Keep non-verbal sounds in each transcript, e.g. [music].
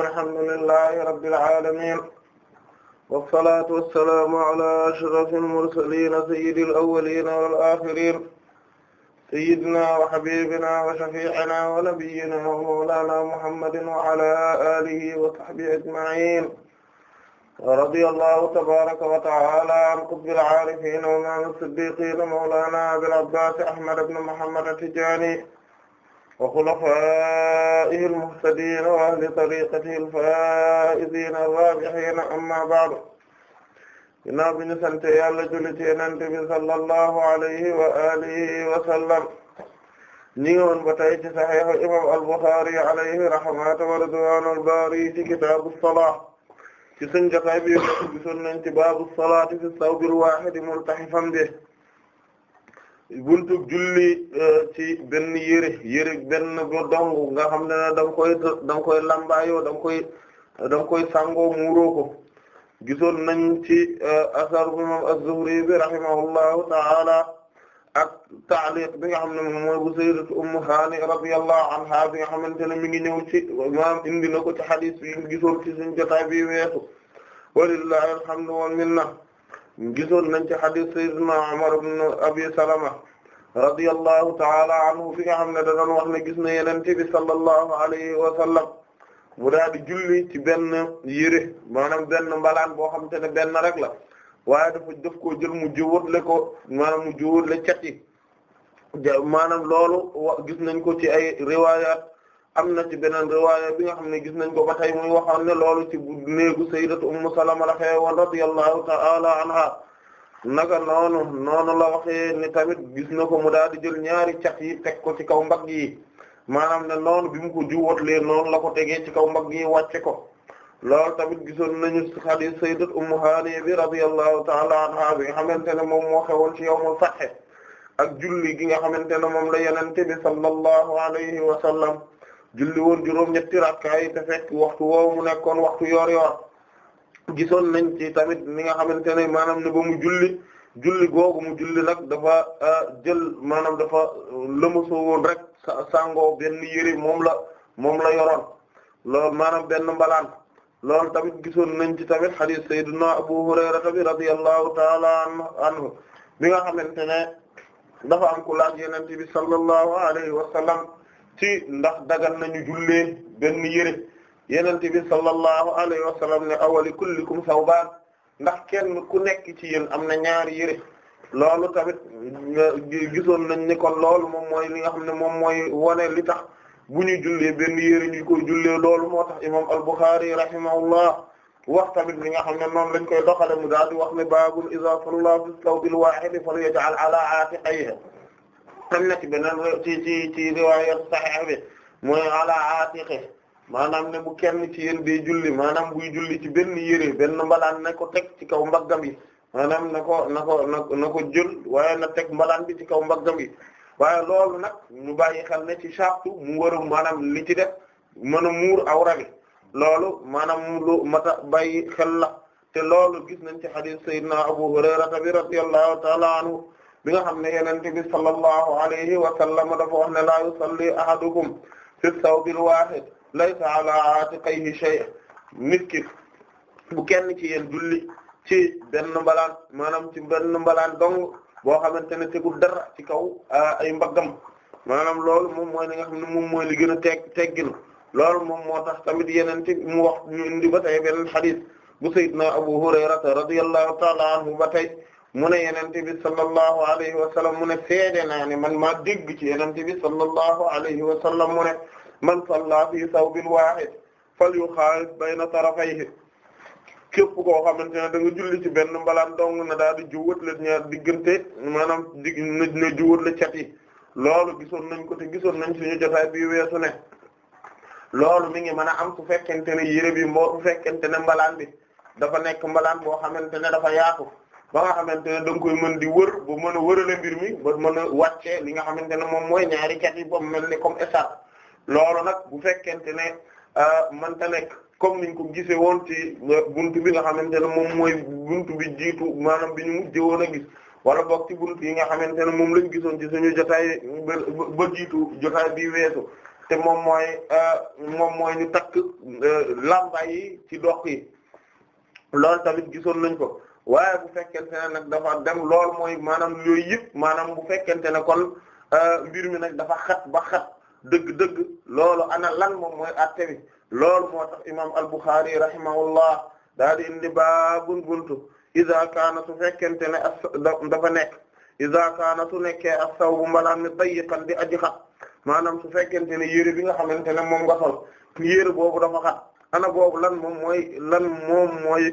alhamdulillahi rabbil alamin wassalatu wassalamu ala ashrafil mursalin sayyidil awwalin wal akhirin sayyidina wa habibina wa shafi'ina wa nabiyyina wa mawlana muhammadin wa ala alihi wa sahbihi ajma'in رضي الله تبارك وتعالى عن قطب العارفين وإمام الصديقين مولانا أبي العباس أحمد بن محمد التجاني wa xulafaa'ihi al-muhtadiina wa ahli tariiqatihi al-faa'iziina ar-raabihiina ammaa ba'du ginnaaw bi ñu sant yàlla julli ci Yonent bi sallallahu alayhi wa alihi wa sallam ñi ngi woon ba tey ci saxiixu imaam al-Buxaari alayhi rahmatu wa ridwaanu al-baari ci kitaabu salaat ci sunu jotaay bi gisoon nañ ci baabu salaati fi sawbil waahidi multahifan bihi buntu julli euh, ci benn yére yére benn ba dong nga xam ne da nga koy da nga koy lambaayoo da nga koy da nga koy sangoo muuroo ko gisoon nañ ci euh, asar bu a az-Zuhri bi rahimahullahu ta'ala ak ta'liq bi nga xam ne moom mooy bu radiyallahu anha bi nga xamante ne mi ngi ñëw ci maam indi na ko ci hadith bi ci suñu jotaay bi weesu walillahi alhamdu wal gisoon nañ ci hadith sayyidina Umar ibn Abi Salama radiyallahu ta'ala anhu fi nga xam ne da doon wax ne gis na Yonent bi sallallahu alayhi wa sallam mu daal di julli ci benn yére maanaam benn mbalaan boo xam te ne benn rek la waaye dafa daf koo jël mu jiwóotle ko maanaam mu jiwóotle cat yi maanaam loolu wa gis nañ ko ci ay riwayat am na ci beneen riwaaya bi nga xam ne gis nañ ko ba tey muy waxoon ne loolu ci néegu sayyidatu ummu salama la xewoon radiyallahu ta'ala anha naka noonu la waxee ni tamit gis na ko mu daal di jël ñaari cax yi teg ko ci kaw mbag yi maanaam ne noonu bi mu ko juwatlee noonu la ko tegee ci kaw mbag yi wàcce ko loolu tamit gisoon nañu hadith sayyidat ummu haani bi radiyallahu ta'ala anha bi nga xamante ne moom moo xewoon ci yawmul fath ak julli gi nga xamante ne moom la yenente bi sallallahu julli woon juróom-ñetti rakkaay te fekk waxtu woowu mu nekkoon waxtu yor-yor gisoon nañ ci tamit ni nga xamante ne maanaam ne ba mu julli julli googu mu julli nag dafa euh, jël maanaam dafa euh, lëmasoo woon rek sangoo benn yëre moom la yoroon loolu maanaam benn mbalaan loolu tamit gisoon nañ ci tamit hadith sayyidina Abu Hurayra bi radiyallahu ta'ala anhu bi nga xamante ne dafa am ku laaj Yonent sallallahu alayhi wa ci ndax dagan nañu jullee benn yére yenente bi sallallahu alayhi wa sallam ne awali kullikum sawbaan ndax kenn ku nekk ci yéen am na ñaari yére loolu tamit gisoon nañ ni kon loolu moom mooy li nga xam ne moom mooy wone li tax bu ñu jullee benn yére ñu koy jullee loolu moo tax imam al-Bukhari rahimahullah wax tamit li nga xam ne noonu lañ koy doxale mu daal di wax ne baabul iza salla fi sawbil waahid falyaj'al ala tam na ci beneen ci ci ci riwaaya sahih bi mooy ala atiqi maanaam ne bu kenn ci yéen day julli maanaam bu julli ci benn yére benn mbalaan na ko teg ci kaw mbaggam yi maanaam na ko na ko na ko jël waaye na teg mbalaan bi ci kaw mbaggam yi waaye loolu nag ñu bàyyi xel ne ci sartu mu war a maanaam li ci def mën a muur awra bi loolu maanaam lu mata bàyyi xel la te loolu gis nañ ci hadith sayyidina Abu Hurayrata bi radiyallahu ta'ala anhu bi nga xam ne yonent bi sallallahu alayhi wa sallam dafa wax ne laa yusalli ahadukum fi thawbil wahid laysa ala aatiqihi shay' nit ki bu kenn ci yéen julli ci benn mbalaan maanaam ci benn mbalaan dong boo xamante ne tegul dara ci kaw ah, ay mbaggam maanaam loolu moom mooy li nga xam ne moom mooy li gën a teg tegginu loolu moom moo tax tamit yeneen ci mu wax ñu indi ba tey beneen xadis bu sayyidna Abu Hurayrata radiyallahu ta'ala anhu ba tey mu ne yenente bi sallallahu alayhi wa sallam mu ne seede naa ne man maa dégg ci yenente bi sallallahu alayhi wa sallam mu ne man salla fi sawbin wahid falyuxaalif bayna tarafayhi képp koo xamante ne da nga julli ci benn mbalaan dong na daal di juwat la ñaar diggante maanaam dig na juwat la cat yi loolu gisoon nañ ko te gisoon nañ suñu jotaay bi weesu ne loolu mi ngi mën a am su fekkente ne yére bi moo su fekkente ne mbalaan bi dafa nekk mbalaan boo xamante ne dafa yaatu ba nga xamante ne da nga koy mën di wër ba mën a wërale mbir mi ba mën a wàcce li nga xamante ne moom mooy ñaari cat yi boobu mel ni comme état loolu nag bu fekkente ne euh, manta nekk comme niñ ko gisee woon ci euh, buntu bi nga xamante ne moom mooy bunt bi jiitu maanaam bi ñu mujjee woon a gis wala boog ci buntu yi nga xamante ne moom lañ gisoon ci suñu jotaay ba jiitu jotaay bi weesu te moom mooy euh, moom mooy ñu takk lamba yi ci dox yi loolu tamit gisoon nañ ko. waaye bu fekkente ne nag dafa dem lool mooy maanam yooyu yëpp maanaam bu fekkente ne kon euh, mbir mi nag dafa xat ba xat dëgg-dëgg loolu ana lan moom mooy atte bi loolu moo tax imam al-Bukhari rahimahullah daal di indi baabun buntu iza kaana su fekkente ne dafa nekk iza kaana su nekkee as-sawbu mbalaan mi dayiqan di aji xat maanaam su fekkente ne yére bi nga xamante ne moom nga sol yére boobu dafa xat ana boobu lan moom mooy lan moom mooy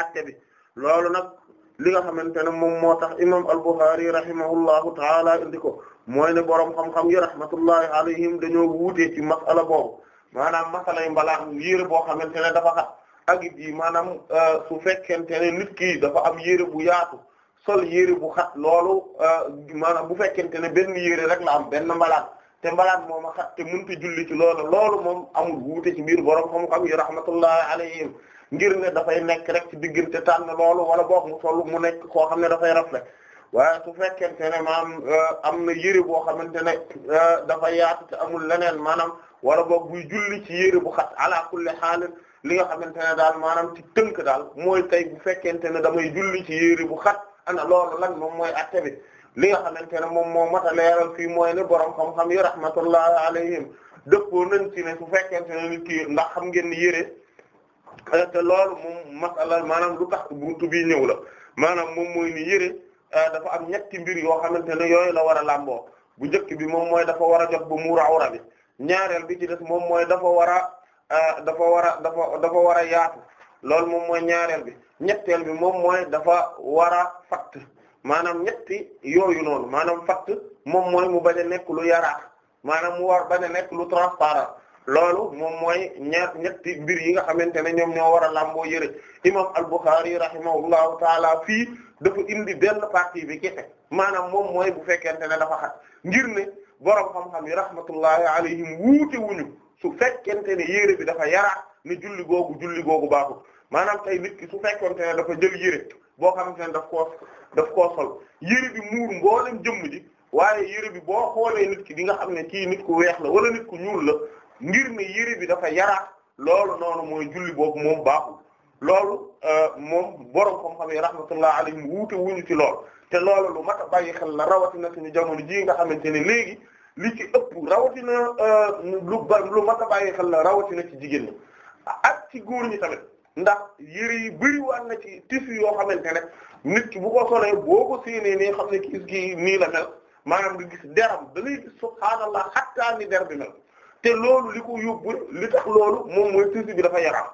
atte bi loolu nag li nga xamante ne moom moo tax imam al-Bukhari rahimahullahu taala indi ko mooy ne boroom xam-xam yi rahmatullahi alayhim dañoo wuutee ci masala boobu maanaam masalay mbalaax yére boo xamante ne dafa xat ak it yi maanaam euh, su fekkente ne nit ki dafa am yére bu yaatu sol yére bu xa loolu euh, maanaam bu fekkente ne benn yére rek la am benn mbalaat te mbalaat moom a xat te mënut a julli ci loolu loolu moom amul wuute ci biir boroom xam-xam yi rahmatullahi alayhim ngir ne dafay nekk rek ci te diggante na loolu wala boog mu sol mu nekk koo xam ne dafay rafet waaye su fekkente ne maam euh, am na yére boo xamante ne euh, dafa yaatu te amul leneen maanaam wala boog buy julli ci bu xat ala kulli li nga xamante ne daal maanaam ci tënk daal mooy tey bu fekkente ne damay julli ci yére bu xat ana loolu lan moom mooy atte bi li nga xamante ne moom moo mat a leeral fii mooy ne borom xam-xam yi rahmatullahi alayhim dëppoo nañ ne su fekkente ne nit ki ndax xam ngeen ni yére. te loolu moom masala maanaam lu tax buntu bii ñëw la maanaam moom mooy ni yére euh, dafa am ñetti mbir yoo xamante ne yooyu la war a làmboo bu njëkk bi moom mooy dafa war a jot ba muur awra bi ñaareel bi ci des moom mooy dafa war a euh, dafa war dafa dafa war a yaatu loolu moom mooy ñaareel bi ñetteel bi moom mooy dafa war a fatt maanaam ñetti yooyu noonu maanaam fatt moom mooy mu bañ a nekk lu yaraax maanaam mu war bañ a nekk lu transparent loolu moom mooy ñaar ñetti mbir yi nga xamante ne ñoom ñoo war a làmboo yëre imam al-Bukhari rahimahullahu taala fii dafa indi benn partie bi kese maanaam moom mooy bu fekkente ne dafa xat ngir ne borom xam-xam yi rahmatullahi alayhim wuute wuñu su fekkente ne yére bi dafa yaraat ne julli googu julli googu baaxul maanaam tey nit ki su fekkente ne dafa jël yére boo xamante ne daf koo daf koo sol yére bi muur mboolem jëmm ji waaye yére bi boo xoolee nit ki nga xam ne kii nit ku weex la wala nit ku ñuul la ngir ne yére bi dafa yaraat loolu noonu mooy julli boobu moom baaxul loolu euh, moom borom xam-xam yi rahmatullah alayhim wuute wuñu ci lool te loolu lu mat a bàyyi xel la rawatina suñu jamono ji nga xamante ne léegi li ci ëpp rawatina euh, lu ba lu mat a bàyyi xel la rawatina ci jigéen ñi ak ci góor ñi tamit ndax yére yi bëriwaat na ci tissu yoo xamante ne nit ki bu ko solee boo ko séenee xam ne kii kii nii la mel maanaam nga gis deram da ngay gis subhaanallah xattaa ni der bi mel te loolu li ko yóbbu li tax loolu moom mooy tissu bi dafa yaram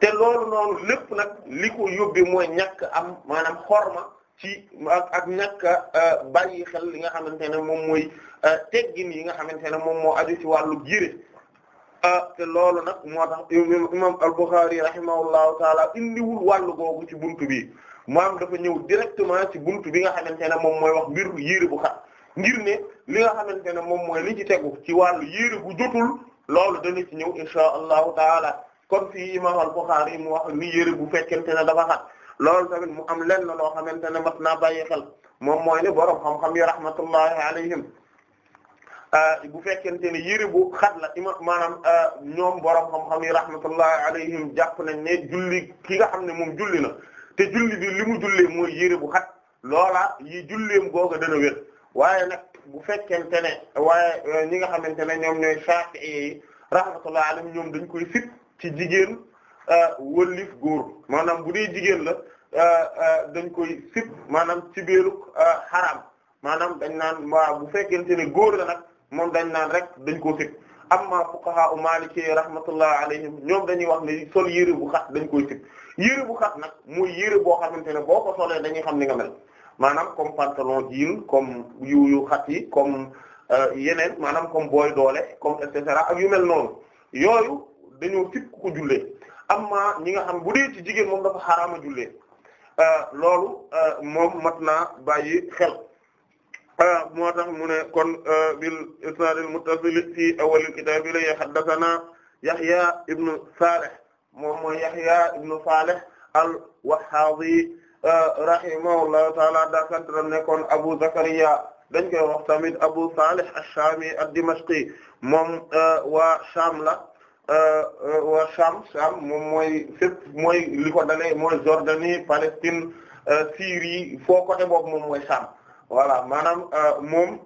te loolu noonu lépp nag li ko yóbbi mooy ñàkk am maanaam ma ci ak ak ñàkk a euh, bàyyi xel li nga xamante ne moom mooy euh, teggin yi nga xamante ne moom moo aju ci wàllu jire euh, te loolu nag moo tax imam al-Bukhari rahimahullahu taala indiwul wàllu googu ci bunt bi maam dafa ñëw directement ci bunt bi nga xamante ne moom mooy wax mbir yére bu xa ngir ne li nga xamante ne moom mooy li ci tegu ci wàllu yére bu jotul loolu dana ci ñëw insha allahu taala kon fii imam al-Bukhari mu wax ni yére bu fekkente ne dafa xat loolu tamit mu am lenn loo xamante ne mas naa bàyyi xel moom mooy ne borom xam-xam yi rahmatullahi alayhim ah, bu fekkente ne yére bu xat la maanaam ah, ñoom borom xam-xam yi rahmatullahi alayhim jàpp nañ ne julli ki nga xam ne moom julli na te julli bi li mu jullee mooy yére bu xat loola yi julleem googa dana wér waaye nag bu fekkente ne waaye euh, ñi nga xamante ne ñoom ñooy Shafi'i rahmatullah alayhim ñoom dañ koy sit ci jigéen euh, wëllif góor maanaam bu dee jigéen la euh, dañ koy sit maanaam ci biirug xaraam maanaam dañ naan waaw bu fekkente ne góor la nag moom dañ naan rek dañ koo sit amma fuqaha u maliki rahmatullah alayhim ñoom dañuy wax ni sol yére bu xat dañ koy sit yére bu xat nag muy yére boo xamante ne boo ko solee dañuy xam ni nga mel maanaam comme pantalon jean comme yu yu yi comme euh, yeneen maanaam comme booy doole comme et cetera ak noonu yooyu dañu tibb jullee amma ñi nga xam bu dee ci jigéen moom dafa xaraama jullee euh, loolu euh, moom mat naa bàyyi xel moo tax mu ne kon bil isnaad al muttasil fi awwal al kitaab la haddathana Yahya ibn Salih moom mooy Yahya ibn Salih al Wahhabi Euh, rahimahullahu taala dakantaram nekkoon Abu Zakariya dañ koy wax tamit Abu Salih ash-Shami ad-Dimashqi moom euh, waa Sham la euh, waa Sham Sham moom mooy fépp mooy li ko dalee Palestine Syrie foo côté boobu moom mooy Sham voilà maanaam moom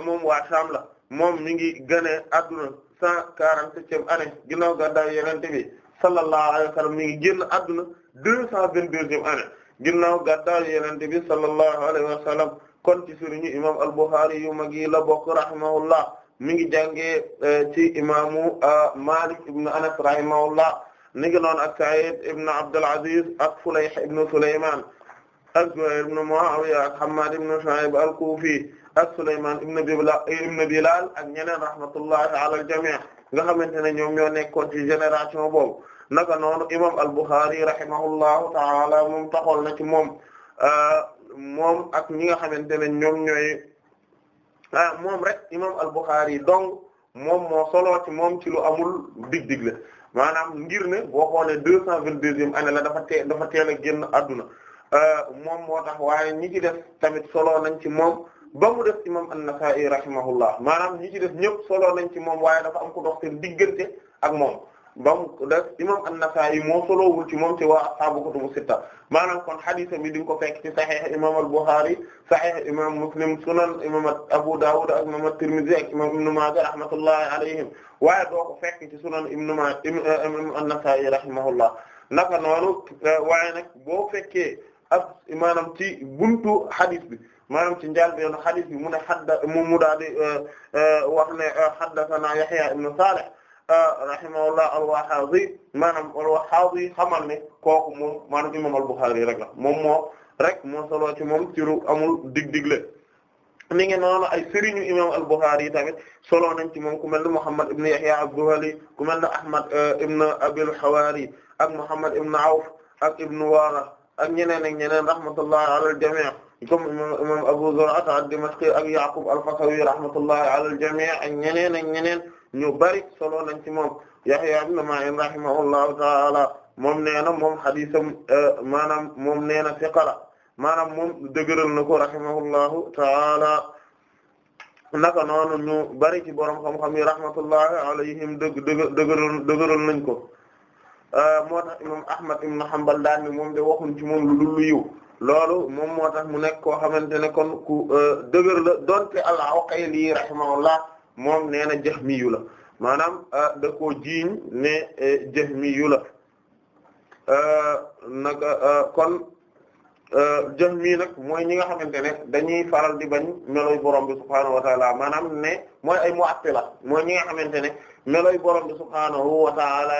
moom waa Sham la moom mi ngi gënee adduna cent quarante-septième année ginnaaw gàddaay Yonent bi sallallahu alayhi wa sallam mi ngi génn adduna du cent vingt-deuxième année ginnaaw gàddaay Yonent bi sallallahu alayhi wa sallam kon ci imam al-Bukhari yu mag yi la bokk rahimahullah mi ngi jàngee eh, ci imaamu eh, Malik ibn Anas rahimahullah ni ngi noon ak Sa'id ibn Abdul Aziz ak Fulayh ibn Sulayman ak Zuhayr ibn Muawiya Hammad ibn Shu'ayb al-Kufi ibn Bilal ak ñeneen rahmatullahi ala al nga xamante ne ñoom ñoo nekkoon ci génération boobu naka noonu imam al-Bukhari rahimahullahu ta'ala moom taxool na ci moom euh, moom ak ñi nga xamante ne ñoom ñooy ah moom rek imam al-Bukhari donc moom moo solo ci moom ci lu amul dig maanaam ngir ne boo xoolee deux cent vingt-deuxième année la dafa tee dafa teel a génn adduna euh, moom moo tax waaye ñi ci def tamit solo nañ ci moom ba mu def imam an-Nasa'i rahimahullah maanaam ñi ci def ñëpp solo nañ ci moom waaye dafa am ku dox seen diggante ak moom ba mu des imam an-Nasaa'i moo solowul ci moom ci waa ashaabu kutubu sitta maanaam kon hadith bi di ko fekk ci sahih imam al-Bukhari sahih imam Muslim sunan imam Abu Dawud ak imam at-Tirmidhi imam doo ko fekk ci sunan Ibn Maaja imam an-Nasaa'i rahimahullah naka noonu euh, waaye nag boo fekkee ak ci buntu hadith bi maanaam ci njàlbéenu hadith bi mu ne hadda mu mu daal di euh, euh, Yahya ibn Salih rahimahullah al-Wahhabi maanaam al-Wahhabi xamal ne kooku moom maanaam imam al-Bukhari rek la moom moo rek moo solo ci moom tiru amul dig-digle ni ngen noonu ay sëriñu imam al yi tamit solo nañ ci moom ku mel ne Muhammad ibn Yahya ad ku mel ne Ahmad eh, ibn Abil Hawari ak Muhammad ibn Awf ak ibn Wara ak ñeneen ñeneen rahmatullahi ala al-jami' comme imam Yaqub al-Fasawi rahmatullahi ala ak ñeneen ak ñeneen ñu bari solo nañ ci moom Yahya ibn Ma'in rahimahullahu ta'ala moom nee na moom xadisam euh, maanaam moom nee na siqala maanaam moom dëgëral na ko rahimahullahu ta'ala naka noonu ñu bari ci borom xam-xam yi rahmatullahi alayhim dëgg dëgg nañ ko euh, moo tax imam Ahmad ibn Hanbal daan ni moom de waxuñ ci moom lu dul lu loolu moom moo mu nekk koo xamante ne kon ku euh, dëgër la donte al-Uqayli rahimahullah moom nee na jahmiyu la maanaam euh, da koo jiiñ ne euh, jahmiyu la euh, nag kon jahmi nag mooy ñi nga xamante ne dañuy faral di bañ melooy borom bi subhaanahu wa taala ne mooy ay mu'attila mooy ñi nga xamante ne melooy borom bi subhaanahu wa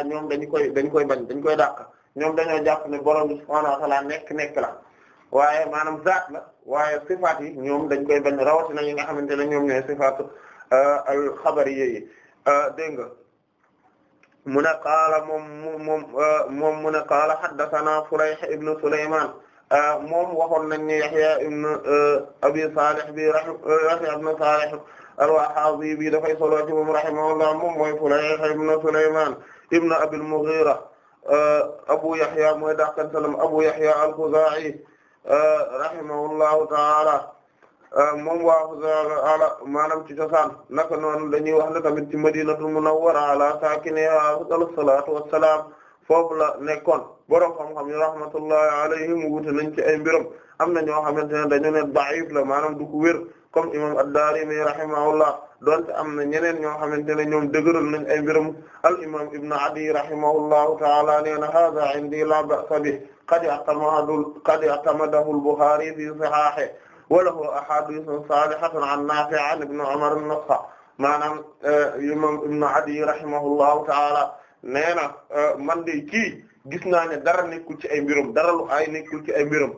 ñoom dañu koy dañ koy bañ dañ koy dàq ñoom dañoo jàpp ne borom bi subhaanahu wa taala nekk nekk la waaye maanaam zaat la waaye sifaat yi ñoom dañ koy bañ rawatina ñi nga xamante ne ñoom ñooy sifaatu Euh, al-Xabariyya yi euh, dégg nga mu ne qaala moom moom euh, moom mu ne qaala haddathanaa Fulayh ibn Sulaymaan moom waxoon nañ ne Yahya ibn Abi Salih bi Yahya ibn Salih al-Wahhaabi bi dafay solo ci moom rahimahullah moom mooy Fulayh ibn Sulaymaan ibn Abil Mughiira Abu Yahya mooy dàqan salam Abu Yahya al-Khuzaa'i rahimahullahu ta'aala Euh, moom waa ala maanaam ci cosaan naka noonu dañuy wax ne tamit ci madinatul munawwara ala saakiniha afdalu salaatu wassalaam foofu la nekkoon borom xam-xam yi rahmatullahi alayhim wuute nañ ci ay mbiram am na ñoo xamante ne dañu ne da'if la maanaam du ko wér comme imam ad-Daarimi rahimahullah donte am na ñeneen ñoo xamante ne ñoom dëgëral nañ ay mbiram al imam ibn Adi rahimahullahu ta'ala nee na hada indi la ba'sa bi qad i'tamadahu qad i'tamadahu al-Bukhari fi sahihi wa lahu ahadithun salihatun an Nafi' an ibn Umar an-Nuskha maanaam imam eh, ibn Adi rahimahullahu ta'ala nee na eh, man de kii gis naa ne dara nekkul ci ay mbirum dara lu ay nekkul ci ay mbirum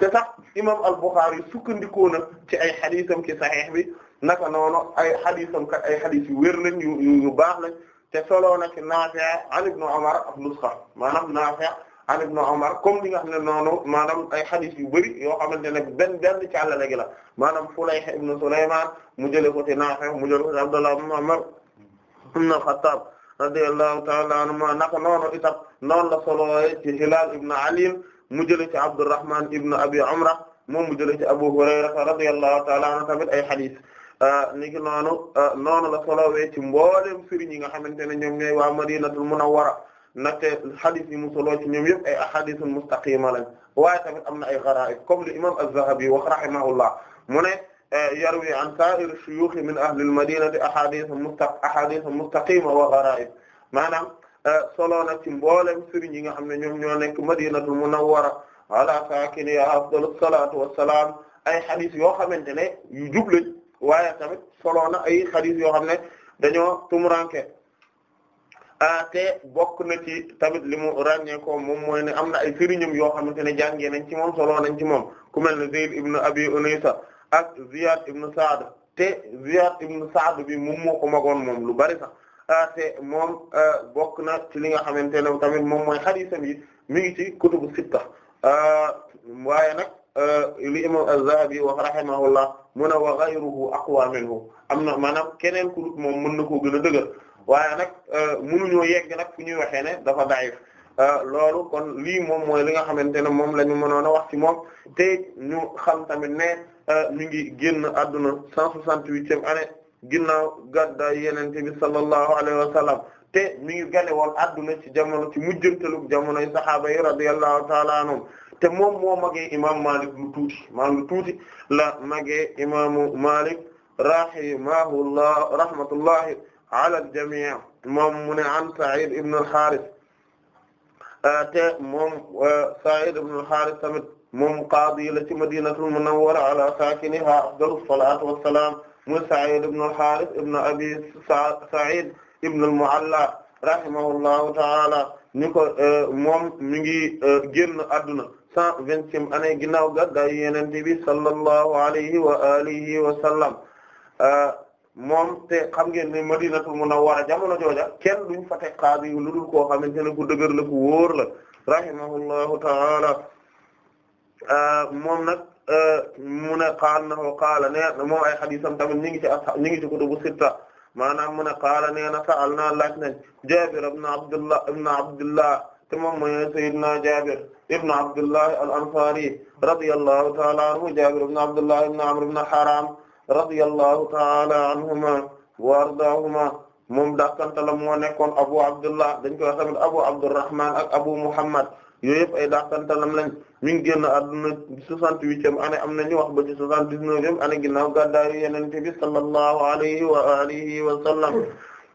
te sax imam al-Bukhari sukkandikoo na ci ay xadisam ci saxiix bi naka noonu ay xadisam kat ay xadis yu wér lañ yu yu baax lañ te solo na ci Nafi' an ibn Umar an-Nuskha maanaam Nafi' an ibn Umar comme li nga xam ne noonu maanaam ay xadis yu bëri yoo xamante ne benn benn càllale gi la maanaam Fulayh ibn Sulaymaan mu jëlee ko ci Naafi' mu jëlee ko ci Abdullah ibn Umar ibn al-Khattab radiyallahu ta'ala anhuma naka noonu itam noonu la solowee ci Hilaal ibn Ali mu jëlee ci Abdurrahmaan ibn Abi Amra moom mu jëlee ci Abu Hurayra radiyallahu ta'ala anhu tamit ay xadis euh, ni ki noonu euh, noonu la solowee ci mboolem firi ñi nga xamante ne ñoom ñooy waa Madinatul Munawwara ndaxte xadis yi mu solo ci ñoom yëpp ay ahadithun mustaqima lañ waaye am na ay ghara'ib comme le imam az-Zahabi wax rahimahullah mu ne eh, yarwi an sa'ir shuyukh min ahli al-madinati ahadithun musta ahadithun mustaqima wa ghara'ib maanaam eh, solo na ci mboolem sëriñ yi nga xam ne ñoom ñoo nekk madinatul munawwara ala saakiniha afdalus salatu wassalam ay xadis yoo xamante ne yu jublañ waaye tamit solo na ay xadis yoo xam ne dañoo tumuranke te bokk na ci tamit li mu ràññee moom mooy ne am na ay sëriñam yoo xamante ne jàngee nañ ci moom solo nañ ci moom ku mel ne Zayd ibn Abi Unaysa ak Ziyad ibn Sa'd te Ziyad ibn bi moom moo ko magoon moom lu bari sax te moom euh, bokk na ci li nga xamante ne tamit moom mooy hadiisam yi mi ngi ci kutubu sitta euh, waaye nag euh, li imam az-Zahabi wax rahimahullah mun a wa ghayruhu aqwa minhu am na maanaam keneen ku moom mën na koo gën a dëgër waaye nag euh, mënuñoo yegg nak fu ñuy waxee dafa dayif euh, loolu kon lii moom mooy li nga xamante ne moom la ñu mënoon a wax ci moom te ñu xam tamit ne mi euh, ngi génn adduna 168e année ginnaaw gàddaay yonent bi sallallahu alayhi wa sallam te mi ngi gane woon adduna ci jamono ci mujjantalu jamonoy saxaaba yi radiyallahu ta'ala anhum te moom moo magee imaamu Maalik lu tuuti maanaam lu tuuti la magee imaamu Maalik rahimahullah rahmatullahi ala al-jamii' moom mu ne an Sa'id ibn al-Harith ah, te moom ah, Sa'id ibn al-Harith tamit moom qaadi la ci Madinatul Munawwara ala saakiniha afdalu salaatu wa salaam mu Sa'id ibn al-Harith ibn Abi Sa'id ibn al-Mu'alla rahimahullahu ta'ala ñu ko ah, moom mi ngi génn adduna cent vingtième année ginnaaw gàddaay Yonent bi sallallahu alayhi wa alihi wa sallam moom te xam ngeen ne madinatul munawwara jamono jooja kenn duñ fa teg xaadi yu ludul koo xamante ne ku dëgër la ku wóor la rahimahullahu ta'ala euh, moom nag euh, mu ne qaal nahu qaala nee moom ay xadiisam tamit ñi ngi ci as ñi ngi ci kutubu sitta maanaam mu ne qaala nee na sa'al naa laaj nañ Jaabir ibn Abdullah ibn Abdullah te moom mooy Sayyidina Jaabir ibn Abdullah al-Ansaari radiyallahu ta'ala anhu Jaabir ibn Abdullah ibn Amr ibn Haram radiyallahu ta'ala anhuma wa ardaahuma moom dàqantalam moo nekkoon abu abdullah dañ koy wax tamit abu abdurrahman ak abu muhammad yooyu ay dàqantalam lañ mi ngi génn àdduna 68eem ane am na ñu wax ba ci 79eem année ginnaaw gàddaayu Yonent bi sallallahu alayhi wa alihi wa sallam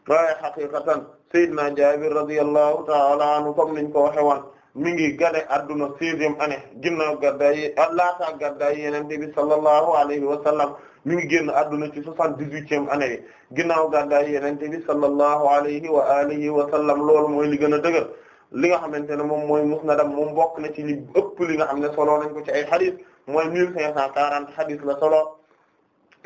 waaye xaqiqatan Seydina Jaabir radiyallahu ta'ala anhu comme niñ ko waxe woon mi ngi gane adduna sixième année ginnaaw gàddaay laataa gàddaay yonent bi sallallahu alayhi wa sallam mi ngi génn adduna ci soixante-dix-huitième année bi ginnaaw gàddaay yonent bi sallallahu alayhi wa alihi wa sallam loolu mooy li gën a dëgër li nga xamante ne moom mooy musnadam moom bokk na ci li ëpp li nga xam ne solo nañ ko ci ay xadis mooy mille cinq a quarante xadis la solo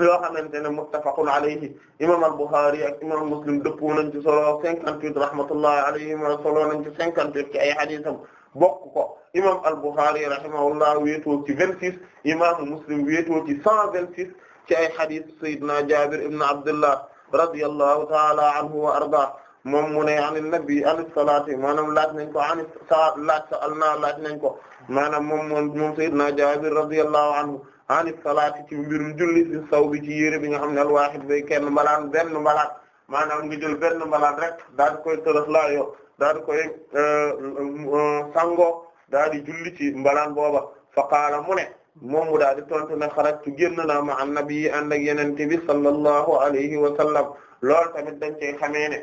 yoo xamante ne muttafaqun alayhi imam al-Bukhari ak imam Muslim dëppoo nañ ci solo cinquante-huit rahmatullahi alayhim solo nañ bokk ko imam al-Bukhari rahimahullah wéetoo ci vingt six imaamu Muslim wéetoo ci cent vingt six ci ay hadith Seydina Jabir ibn Abdullah radiyallahu ta'ala anhu wa arda moom mu ne an nabi an salaati maanaam laaj nañ ko an sa laaj sa al naa laaj nañ ko maanaam moom moom moom Seydina Jabir radiyallahu anhu an salaati ci mbirum julli ci saw bi ci yére bi nga xam ne al waahid bay kenn mbalaan benn mbalaan maanaam ngi jël benn mbalaan rek daal koy tërëf laa yo daal di koy euh, euh, euh, sango daal di julli ci booba fa qaala mu ne moom mu daal di tontu ne xarajtu génn naa ma annabi yi ànd ak yenente bi sallallahu alayhi wa sallam loolu tamit dañ cey xamee ne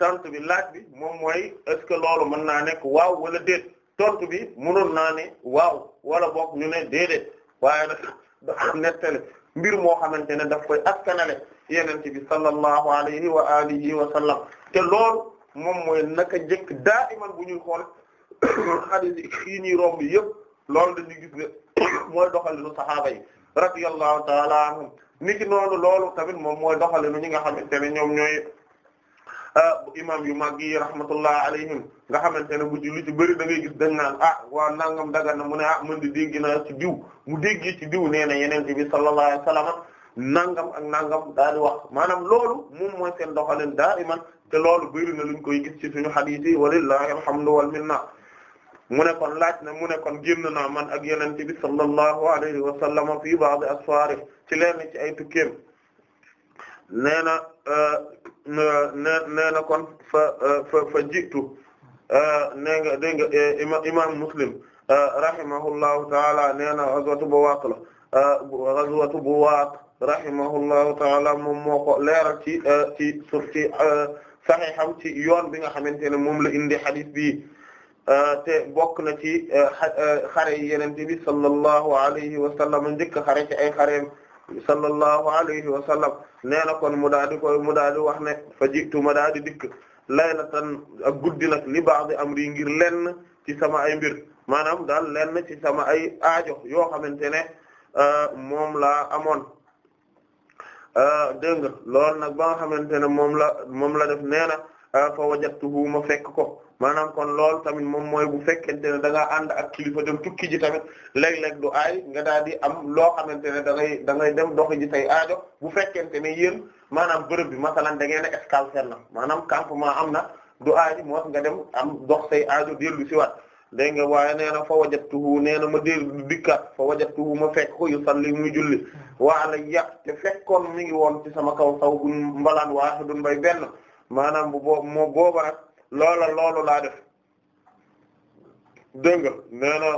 tontu bi laaj bi moom mooy est-ce que loolu mën naa nekk waaw wala déet tontu bi mënoon naa ne waaw wala boog ñu ne déedéet waaye nag nettale mbir moo xamante ne daf koy askanale yenente bi sallallahu alayhi wa alihi wa te loolu moom mooy naka jëkk daa iman bu ñuy xool [coughs] xadis yi ñuy romb yëpp loolu dañuy gis ne [coughs] mooy doxalinu saxaaba yi radiyallahu taala anhum ni ki noonu loolu tamit moom mooy doxalinu ñi nga xamante ne ñoom ñooy ah, imam yu mag yi rahmatullah alayhim nga xamante ne bu ci lu ci bëri da ngay gis dañ naan ah waa nangam daga na mu ne ah mën di dégg naa ci diw mu dégg ci diw nee na yeneen bi sallallahu alayhi wasallam nangam ak nangam daal di wax maanaam loolu moom mooy seen doxalin daa iman te loolu bëri na luñ koy gis ci suñu hadith yi walillahi alhamdu wal minna mu ne kon laaj na mu ne kon génn naa man ak yonent bi sallallahu alayhi wa sallam fii ba'd asfaari ci leen ci ay tukkeem nee na nee nee kon fa jitu fa jiitu nee nga taala nee na ghazwatu Buwaat la ghazwatu Buwaat rahimahullahu taala moom moo ko leeral ci euh, ci suuf ci euh, saxiixam ci yoon bi nga xamante ne moom la indi xadis bi euh, te bokk na ci xare yi yeneen bi sallallahu alayhi wa sallam njëkk xare ci ay xareem sallallahu alayhi wa sallam nee na kon mu daal koy mu daal di wax ne fa jiitu ma daal di dikk laylatan a guddi nag li ba'd amri ngir lenn ci sama ay mbir maanaam daal lenn ci sama ay aajo yoo xamante ne moom laa amoon. Ah, dégg nga loolu nag ba nga xamante ne moom la moom la def nee na ah, fa wajattuhu ma fekk ko maanaam kon loolu tamit moom mooy bu fekkente ne da ngaa ànd ak kilifa dem tukki ji tamit léeg-léeg du aay nga daal di am loo xamante ne da da ngay dem doxi ji say aajo bu fekkente ne yéen maanaam bërëb bi masalan da ngeen a escale fer na maanaam campement am na du aay moo wax nga dem am dox say aajo dellu siwaat dégg nga waaye nee na fa wajattuhu nee na ma dégg dikkat fa wajattuhu ma fekk ko yusalli muy julli wa alayya te fekkoon mi ngi woon ci sama kaw saw gun mbalaan waahidun bay benn maanaam bu boobu moom booba nag loola loolu laa def dégg nga nee na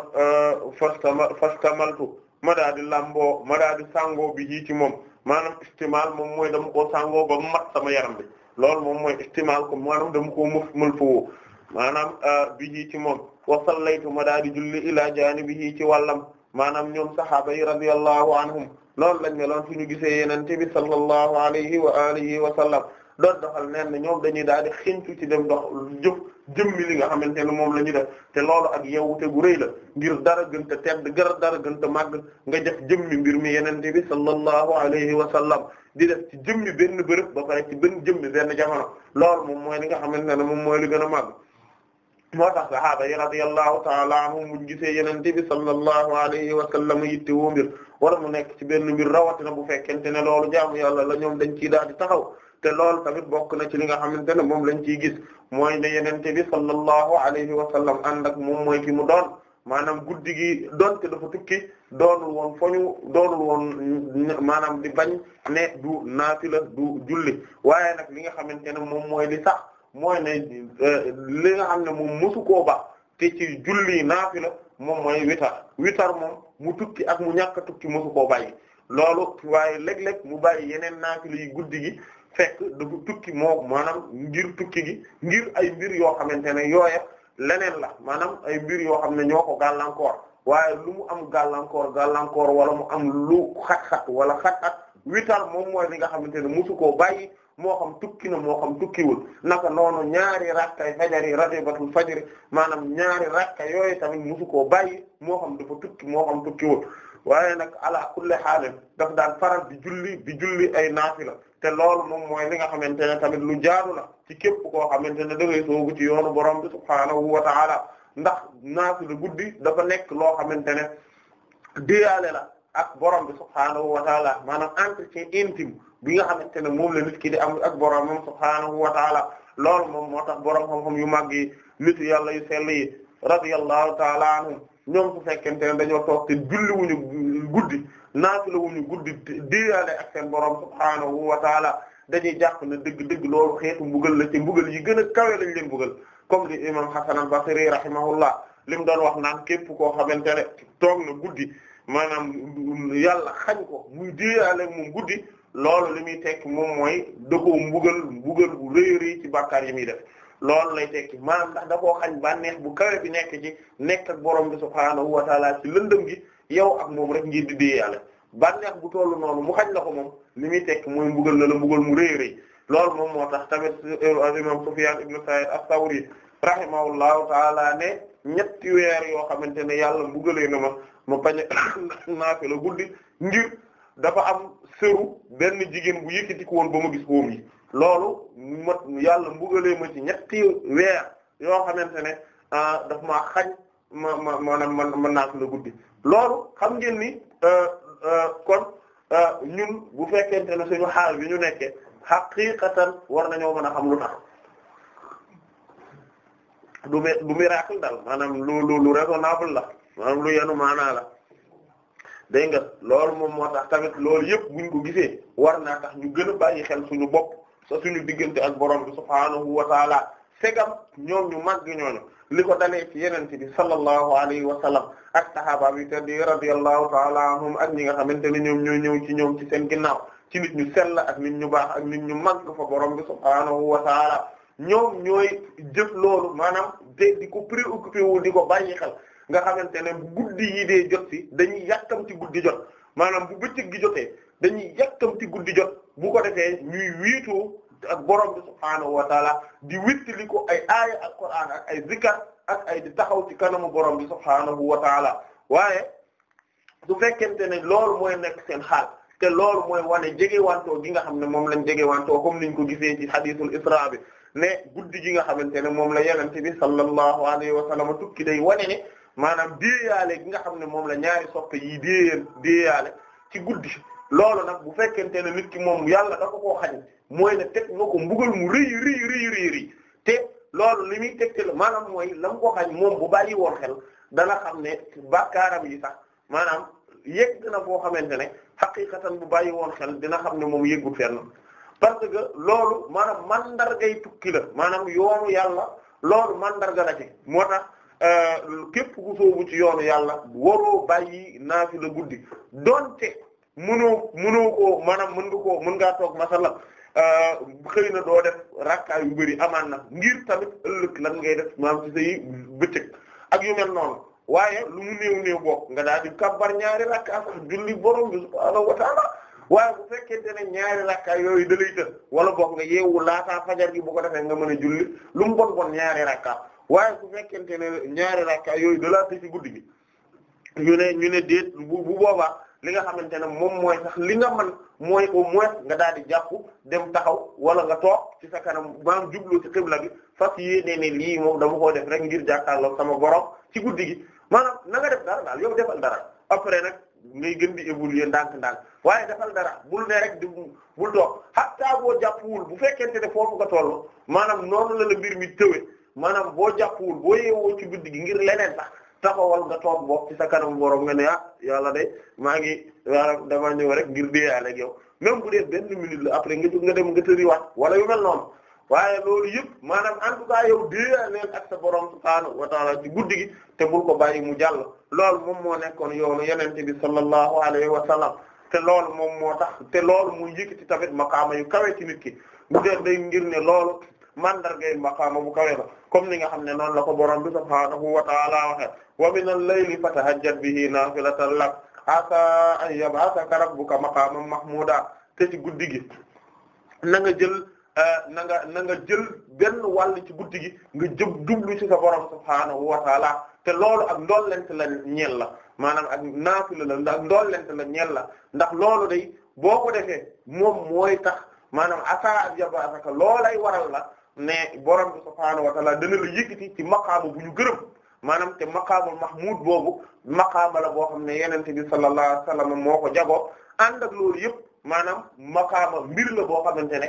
euh, ma daa di lamboo ma daa di sangoo ci moom maanaam istimal moom mooy dama koo sangoo ba mat sama yaram bi loolu moom mooy istimal ko maanaam dama koo mëf maanaam euh, bi yii ci moom wa sallaytu ma daa di julli ilaa jaanibihi ci wàllam maanaam ñoom sahaaba yi radiyallahu anhum noonu lañ meloon fi ñu gisee yenente bi sallallahu alayhi wa alihi wa sallam doon doxal neen na ñoom dañuy daal di xincu ci dem dox jëf jëmmi li nga xamante ne moom la ñu def te lool ak yewwute gu rëy la ngir dara gën te tedd gara dara gën te màgg nga def jëmmi mbir mi yenente bi sallallahu alayhi wa sallam di def ci jëmmi benn bërëb ba pare ci benn jëmmi benn jamono loolu moom mooy li nga xamante ne moom mooy li gën a màgg moo tax sahaaba yi radiyallahu taala anhum buñ gisee yenente bi sallallahu alayhi wa sallam yitte woo mbir wala mu nekk ci benn mbir rawatina bu fekkente ne loolu jaamu yàlla la ñoom dañ ciy daal di taxaw te loolu tamit bokk na ci li nga xamante ne moom lañ ciy gis mooy ne yenente bi sallallahu alayhi wa sallam ànd ak moom mooy ki mu doon maanaam guddi gi donte dafa tukki doonul woon foñu doonul woon maanaam di bañ ne du naafila du julli waaye nag li nga xamante ne moom mooy li sax mooy na euh, li nga xam ne moom mosu koo ba te ci julli naafila moom mooy witar witar moom mu tukki ak mu ñàkk a tukki mosu koo bàyyi loolu waaye léeg-léeg mu bàyyi yeneen naafila yi guddi gi fekk dafa tukki moo maanaam ngir tukki gi ngir ay mbir yoo xamante ne yooya leneen la maanaam ay mbir yoo xam ne ñoo ko gàllankoor waaye lu mu am gàllankoor gàllankoor wala mu am lu xat-xat wala xat-xat witar moom mooy li nga xamante ne mosu koo bàyyi moo xam tukki na moo xam tukkiwul naka noonu ñaari rakkay fajar yi ratibatul fajr maanaam ñaari rakka yooyu tamit musu koo bàyyi moo xam dafa tukki moo xam tukkiwul waaye nag ala kulli haal daf daan faral di julli di julli ay naafila te loolu moom mooy li nga xamante ne tamit lu jaadu la ci képp koo xamante ne da ngay soogu ci yoonu borom bi subhaanahu wa ta'ala ndax naafila guddi dafa nekk loo xamante ne diyaale la ak borom bi subhaanahu wa ta'ala bi nga xamante ne moom la nit ki di am ak boromam subhaanahu wa taala loolu moom moo tax borom xam-xam yu màgg yi nitu yàlla yu sell yi radiyallahu taala anhum ñoom su fekkente ne dañoo toog te julliwuñu guddi naafilawuñu guddi diyaale ak seen borom subhaanahu wa taala dañuy jàpp ne dëgg-dëgg loolu xeetu mbugal la ci mbugal yi gën a kawe lañ leen mbugal comme li imam Hasan al-Basri rahimahullah li mu doon wax naan képp koo xamante ne toog na guddi maanaam yàlla xañ ko muy guddi loolu li muy tekki moom mooy da koo mbugal mbugal bu rëy rëy ci bàkkaar yi muy def loolu lay tekki maanaam ndax da koo xañ banneex bu kawe bi nekk ci nekk ak borom bi subhaanahu wa taala ci lëndëm gi yow ak moom rek ngir di dee yàlla bànneex bu tollu noonu mu xañ la ko moom li muy tekki mooy mbugal na la mbugal mu rëy rëy loolu moom moo tax tamit euh, imam Sufyaan ibn Sa'iid as-Sawri rahimahullahu taala ne ñetti weer yoo xamante ne yàlla mbugalee na ma ma bañ a [coughs] dafa am sëru benn jigéen bu yëkkati ko woon ba ma gis oom loolu ma yàlla mbugalee ma ci ñetti weer yoo xamante ne ah, daf ma xañ ma ma maanaam na mën naa ko la guddi loolu xam ngeen ni ah, ah, kon ñun bu fekkente ne suñu xaal bi ñu nekkee xaqiqatan war nañoo mën a xam lu tax du du miracle daal maanaam lu lu lu raisonnable la maanaam lu yenu maanaa la dégg nga loolu moom moo tax tamit loolu yëpp buñ ko gisee war naa tax ñu gën a bàyyi xel suñu bopp sa suñu diggante ak borom bi subhaanahu wa taala segam ñoom ñu màgg ñooñu li ko dalee ci yeneen bi sallallahu alayhi wa sallam ak sahaba bi te di radiyallahu taala anhum ak ñi nga xamante ne ñoom ñoo ñëw ci ñoom ci seen ginnaaw ci nit ñu sell ak nit ñu baax ak nit ñu màgg fa borom bi subhaanahu wa taala ñoom ñooy jëf loolu maanaam de di ko préoccupé wu di ko bàyyi xel nga xamante ne guddi yi dee jot si dañuy yàkkam guddi jot maanaam bu bëccëg gi jotee dañuy yàkkam guddi jot bu ko defee ñuy wiitoo ak borom bi subhaanahu wa di wittili ko ay aaya alquran ak ay zikar ak ay di taxaw ci kanamu borom bi subhaanahu wa taala waaye su fekkente ne loolu mooy nekk seen xaal te loolu mooy wane jegewantoo gi nga xam ne moom lañ jegewantoo comme niñ ko gisee ci hadithul isra bi ne guddi gi nga xamante ne moom la yenente bi sallallahu alayhi wa sallam tukki day wane ne maanaam déeyaale gi nga xam ne moom la ñaari soppe yi déeyeen déeyaale ci guddi loolu nag bu fekkente ne nit ki moom yàlla dafa koo xañ mooy na teg na ko mbugal mu rëy rëy rëy rëy te loolu li muy tegte la maanaam mooy la mu ko xañ moom bu bàyyi woon xel dana xam ne bàkkaaram yi sax maanaam yegg na boo xamante ne xaqiqatan bu bàyyi woon xel dina xam ne moom yëggul fenn parce que loolu maanaam mandargay tukki la maanaam yoonu yàlla loolu mandarga la ci Euh, képp ku soobu ci yoon yàlla waroo bàyyi naafila guddi donte mënoo mënoo koo maanaam mën nga koo mën ngaa toog masala euh, xëy na doo def rakkaa yu bëri amaan na ngir tamit ëllëg lan ngay def maanaam ci say bëccëg ak yu mel noonu waaye lu mu néew néew bokk nga daal di kabbar ñaari rakkaa sax julli borom bi subhaanahu wa taala waaye bu fekkente ne ñaari rakkaa yooyu dalay të wala bokk nga yeewu laataa fajar gi bu ko defee nga mën a julli lu mu bon bon ñaari rakkaa waaye bu fekkente ne ñaari rakka yooyu dalaa të ci guddi gi ñu ne ñu ne déet bu bu boobaa li nga xamante na moom mooy sax li nga man mooy au moins nga daal di jàpp dem taxaw wala nga toog ci sa kanam maam jublu ci xibla bi fas yéene ne lii moom dama koo def rek ngir jàkkaarloo sama borom ci guddi gi maanaam na def dara daal yow defal dara après nag ngay gën di évoluer ndànk-ndànk waaye defal dara bul ne rek di bul toog hatta boo jàppuwul bu fekkente ne foofu nga toll maanaam noonu mbir mi tëwee maanaam boo jàppul boo yeewoo ci guddi gi ngir leneen sax taxawal nga toog bokk ci sa kanam borom nga ne ah yàlla de maa ngi damaa ñëw rek ngir déeyaale ak yow même bu dee benn minute la après nga jóg nga dem nga tëriwaat wala yu mel noonu waaye loolu yëpp maanaam en tout cas yow déeyaaleel ak sa borom subhaanahu wa taala ci guddi gi te bul ko bàyyi mu jàll loolu moom moo nekkoon yoonu yenente bi sallallahu alayhi wa sallam te loolu moom moo tax te loolu mu yëkkati tamit maqaama yu kawe ci nit ne loolu mandargay maqaama bu kawe la comme ni nga xam ne noonu la ko borom bi subhaanahu wa ta'ala waxe wa min al-layli bi bihi naafilatan lak asaa an yab'athaka rabbuka maqaaman mahmuuda te ci guddi gi na jël euh, na nga na nga jël benn wàll ci guddi gi nga jëm jublu ci sa borom subhaanahu wa te loolu ak ndollent la ñeel la maanaam ak naafila la ak ndollent la ñeel la ndax loolu day boo ko defee moom mooy tax maanaam asaa an yab'athaka loolay waral la ne borom bi subhaanahu wa ta'ala dana la yëkkati ci maqaama bu ñu gërëm maanaam te maqaamul mahmud boobu maqaama la boo xam ne yenente bi sallallahu alayhi wa sallam moo ko jagoo ànd ak loolu yëpp maanaam maqaama mbir la boo xamante ne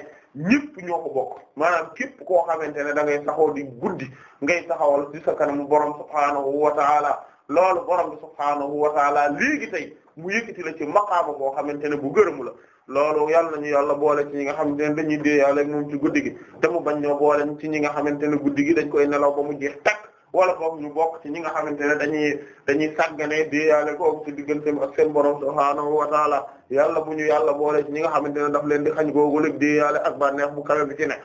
ñëpp ñoo ko bokk maanaam képp koo xamante ne da ngay saxoo di guddi ngay taxawal di sa kanam borom subhaanahu wa ta'ala loolu borom bi subhaanahu wa ta'ala léegi tey mu yëkkati la ci maqaama boo xamante ne bu gërëmu la loolu yàlla ñu yàlla boole ci ñi nga xamante ne dañuy dee yàlla mu ci guddi gi te mu bañ ñoo boole ci ñi nga xamante ne guddi gi dañ koy nelaw ba mu jeex takk wala boog ñu bokk ci ñi nga xamante ne dañuy dañuy sàggane dee yàlla ko ci digganteem ak seen borom subhaanahu wa taala yàlla bu ñu yàlla boole ci ñi nga xamante ne daf leen di xañ googu rek dee yàlla ak bànneex bu kawe bi ci ne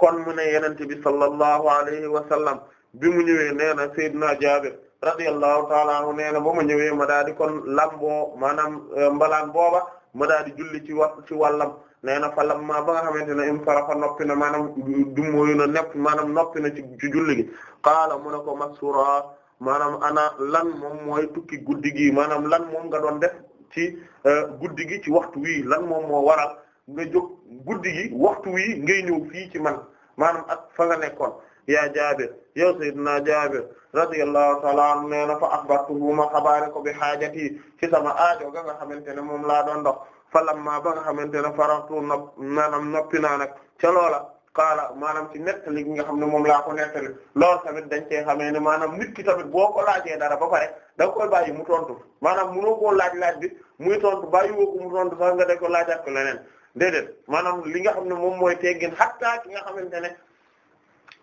kon mu ne yenente bi sallallahu alayhi wa sallam bi mu ñëwee nee na Seydina Jaabir radiyallahu taala anhu nee na ba ma ñëwee ma daal di kon lamboo maanaam eh, mbalaan booba ma daa di julli ci wa ci wàllam nee na falam maa ba nga xamante ne im sarafa noppi na maanaam dummóoyu na nepp maanaam noppi na ci ci julli gi qaala mu ne ko masura maanaam ana lan moom mooy tukki guddi gi maanaam lan moom nga doon def ci euh, guddi gi ci waxtu wii lan moom moo waral nga jóg guddi gi waxtu wii ngay ñëw fii ci man maanaam ak fa nga nekkoon yaa Jaabir yow sayyidina Jaabir radiyallahu ta'ala anhu nee na fa akhbartuhu ma xabaare ko bi haajati ci sama aajo ga nga xamante ne moom laa doon dox falamma ba nga xamante ne faratu nopp maanaam noppi naa nag ca loola qaala maanaam ci nettali gi nga xam ne moom laa ko nettali loolu tamit dañ cee xamee ne maanaam nit ki tamit boo ko laajee dara ba pare da nga koy bàyyi mu tontu maanaam mënoo koo laaj laaj bi muy tontu bàyyi woo ko mu tontu sax nga da ko laajaat ko leneen déedéet maanaam li nga xam ne moom mooy teggin hatta ki nga xamante ne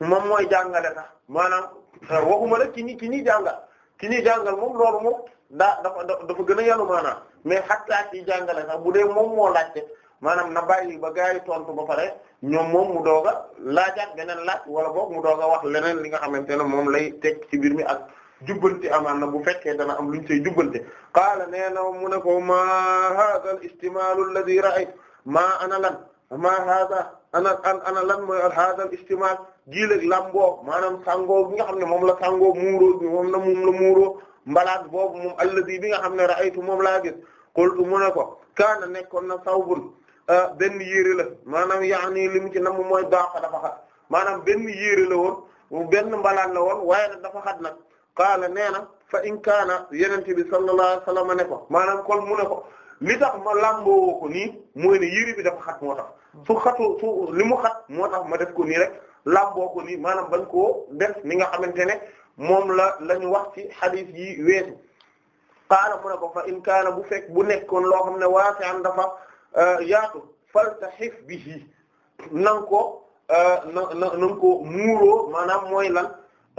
moom mooy jàngale sax maanaam euh, waxuma la ki ñi ki ñuy jàngal ki ñuy jàngal moom loolu moom daa dafa dafa gën a yanu maanaam mais xattaa ci jàngale sax bu dee moom moo laajte maanaam na bàyyi ba gars yi tontu ba pare ñoom moom mu doog a laajaat beneen laaj wala boog mu doog a wax leneen li nga xamante ne moom lay teg ci mi ak jubbanti amaan na bu fekkee dana am lu luñ say jubbante qaala nee na mu ne ko ma hadha al istimalu alladhi ra'ayt maa ana lan ma hada ana ana lan mooy hada al istimal giiléeg lamboo maanaam sangoo bi nga xam ne moom la sangoo muuroo bi moom la moom la muuroo mbalaat boobu moom alladi bi nga xam ne ra'aytu moom laa gis qultu mu ne ko kaana nekkoon na sawbun ah, benn yére la maanaam yaani li mu ci nam mooy daaqa dafa xat maanaam benn yére la woon benn mbalaat la woon waaye nag dafa xat nag qaala nee na fa in kaana yenente bi sallallahu alayhi wa sallam ne ko maanaam kon mu ne ko li tax ma làmboo ko nii mooy ne yëri bi dafa xat moo tax su xatu li mu xat moo tax ma def ko nii rek làmboo ko nii maanaam bañ ko def ni nga xamante ne moom la lañu ñu wax ci hadith yi weesu qaala mu ne ko fa in kaana bu fekk bu nekkoon loo xam ne waasi'an dafa euh, yaatu faltaxif bihi na nga ko euh, na na na nga ko muuroo maanaam mooy lan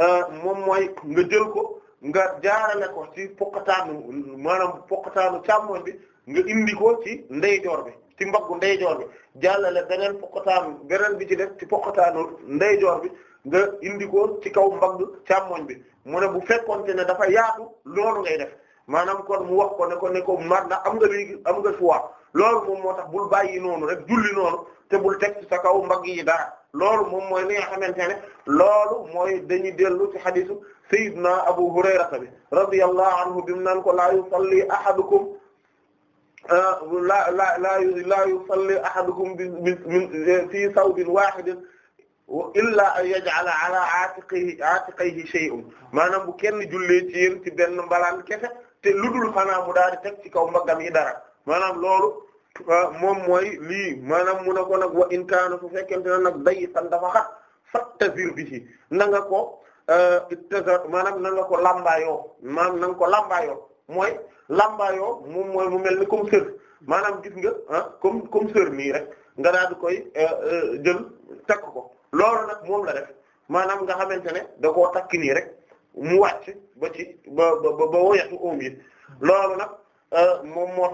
euh, moom mooy nga jël ko nga jaarale ko ci poqataanu maanaam poqataanu càmmoñ bi nga indi ko ci ndeyjoor bi ci mbaggu ndeyjoor bi jàllale beneen poqotaanu beneen bi ci def ci poqotaanu ndeyjoor bi nga indi ko ci kaw mbagg càmmoñ bi moo ne bu fekkonte ne dafa yaatu loolu ngay def maanaam kon mu wax ko ne ko ne ko mar am nga léegi am nga choix loolu moom moo tax bul bàyyi noonu rek julli noonu te bul teg kaw mbagg yi dara loolu moom mooy li nga xamante ne loolu mooy dañuy dellu ci xadisu sayyidna Abu Hurayra bi radiyallahu anhu bi mu naan ko la yusalli ahadukum Euh, laa laa laa yusalli ahadukum bi fii sawbin waahidin illaa an yaj'ala ala aatiqihi aatiqihi shay'un maanaam bu kenn jullee ci yéen ci benn mbalaan kese te ludul xanaa mu daal di teg ci kaw mbaggam yi dara maanaam loolu euh, moom mooy lii maanaam mu ne ko nag wa in kaana su fekkente ne nag dayyitan dafa xat fattazir bihi na nga ko euh, ittazar maanaam na nga ko lambaayoo maanaam na nga ko lambaayoo mooy lambaayoo moom mooy mu mel ni comme sër maanaam gis nga ah comme comme sër nii rek nga daal di koy eh, eh, jël takk ko loolu nag moom la maanaam nga xamante ne da koo takk rek mu wàcc ba ci ba ba ba woyatu nag eh, moom moo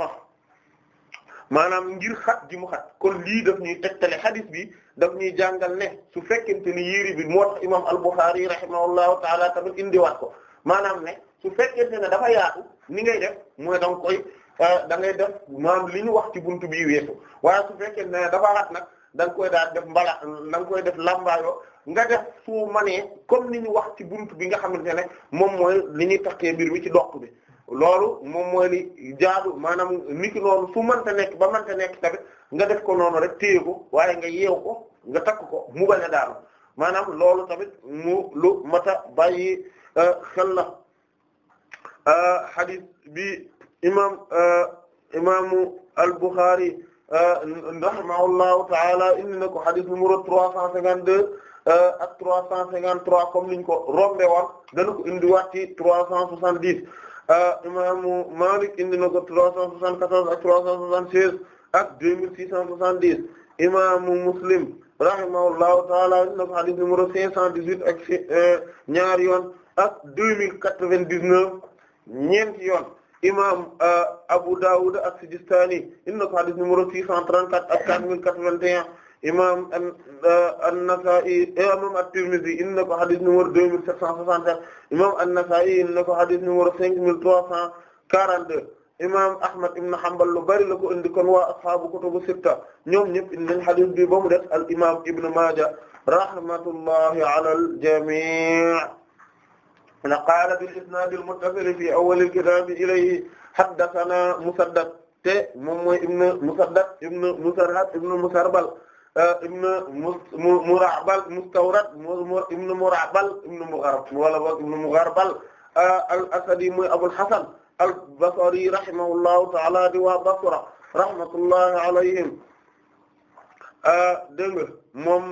maanaam ngir xat ji mu xat kon lii daf ñuy tegtale xadis bi daf ñuy jàngal ne su fekkente ni yéri bi moo tax imam al-Bukhari rahimahullahu taala tamit indiwaat ko maanaam ne su fekkente ne dafa yaatu ni ngay def mooy da nga koy euh, da ngay def maanaam li ñu wax ci buntu bii weesu waaye su fekkente ne dafa xat nag danga koy daal def mbala da nga koy def lambaayoo nga def su manee comme ni ñu wax ci buntu bi nga xamante ne moom mooy li ñuy takkee mbir mi ci doq bi loolu moom mooy li jaadu maanaam niki noonu su mënta nekk ba nekk tamit nga def ko noonu rek téye ko waaye nga yeew ko nga takk ko mu bañ a maanaam loolu tamit mu lu mata bàyyi euh, xel hadith bi imam eh, imaamu al-Bukhari eh, rahimahullahu ta'ala indi na ko hadith numéro trois cent cinquante-deux eh, comme niñ ko rombe woon dana ko indi waat ci trois cent dix imaamu Malik indi na ko trois cent soixante-quatorze ak trois cent soixante-seize ak deux mille six cent soixante-dix imaamu Muslim rahimahullahu ta'ala indi na ko hadith numéro cinq cent dix-huit ak ñaari yoon ak deux mille quatre-vingt-dix-neuf ñeenti yoon imam euh, Abu Dawud as-Sijistani inna ko hadis numéro 634 ak 4081 imam euh, a nasai euh, imam at-Tirmidhi inna ko hadis numéro 2767 imam an-Nasa'i inna ko hadis numéro 5342 imam Ahmad ibn Hanbal lu bari la ko indi kon waa ashaabu kutubu sitta ñoom ñëpp indi nañ hadis bi mu def al imam Ibn Maaja rahmatullahi ala al na qaala bil isnaad al muttasil fi awwal al kitaab ilayhi haddathana Musaddad te moom mooy ibn Musaddad ibn Musarhad ibn Musarbal eh, ibn Murabal Mustawrad ibn Murabal ibn Mugharab wala boog ibn Mugharbal eh, al Asadi mooy Abul Hasan al Basri rahimahullahu ta'ala di waa Basra rahmatullahi alayhim eh, dégg nga moom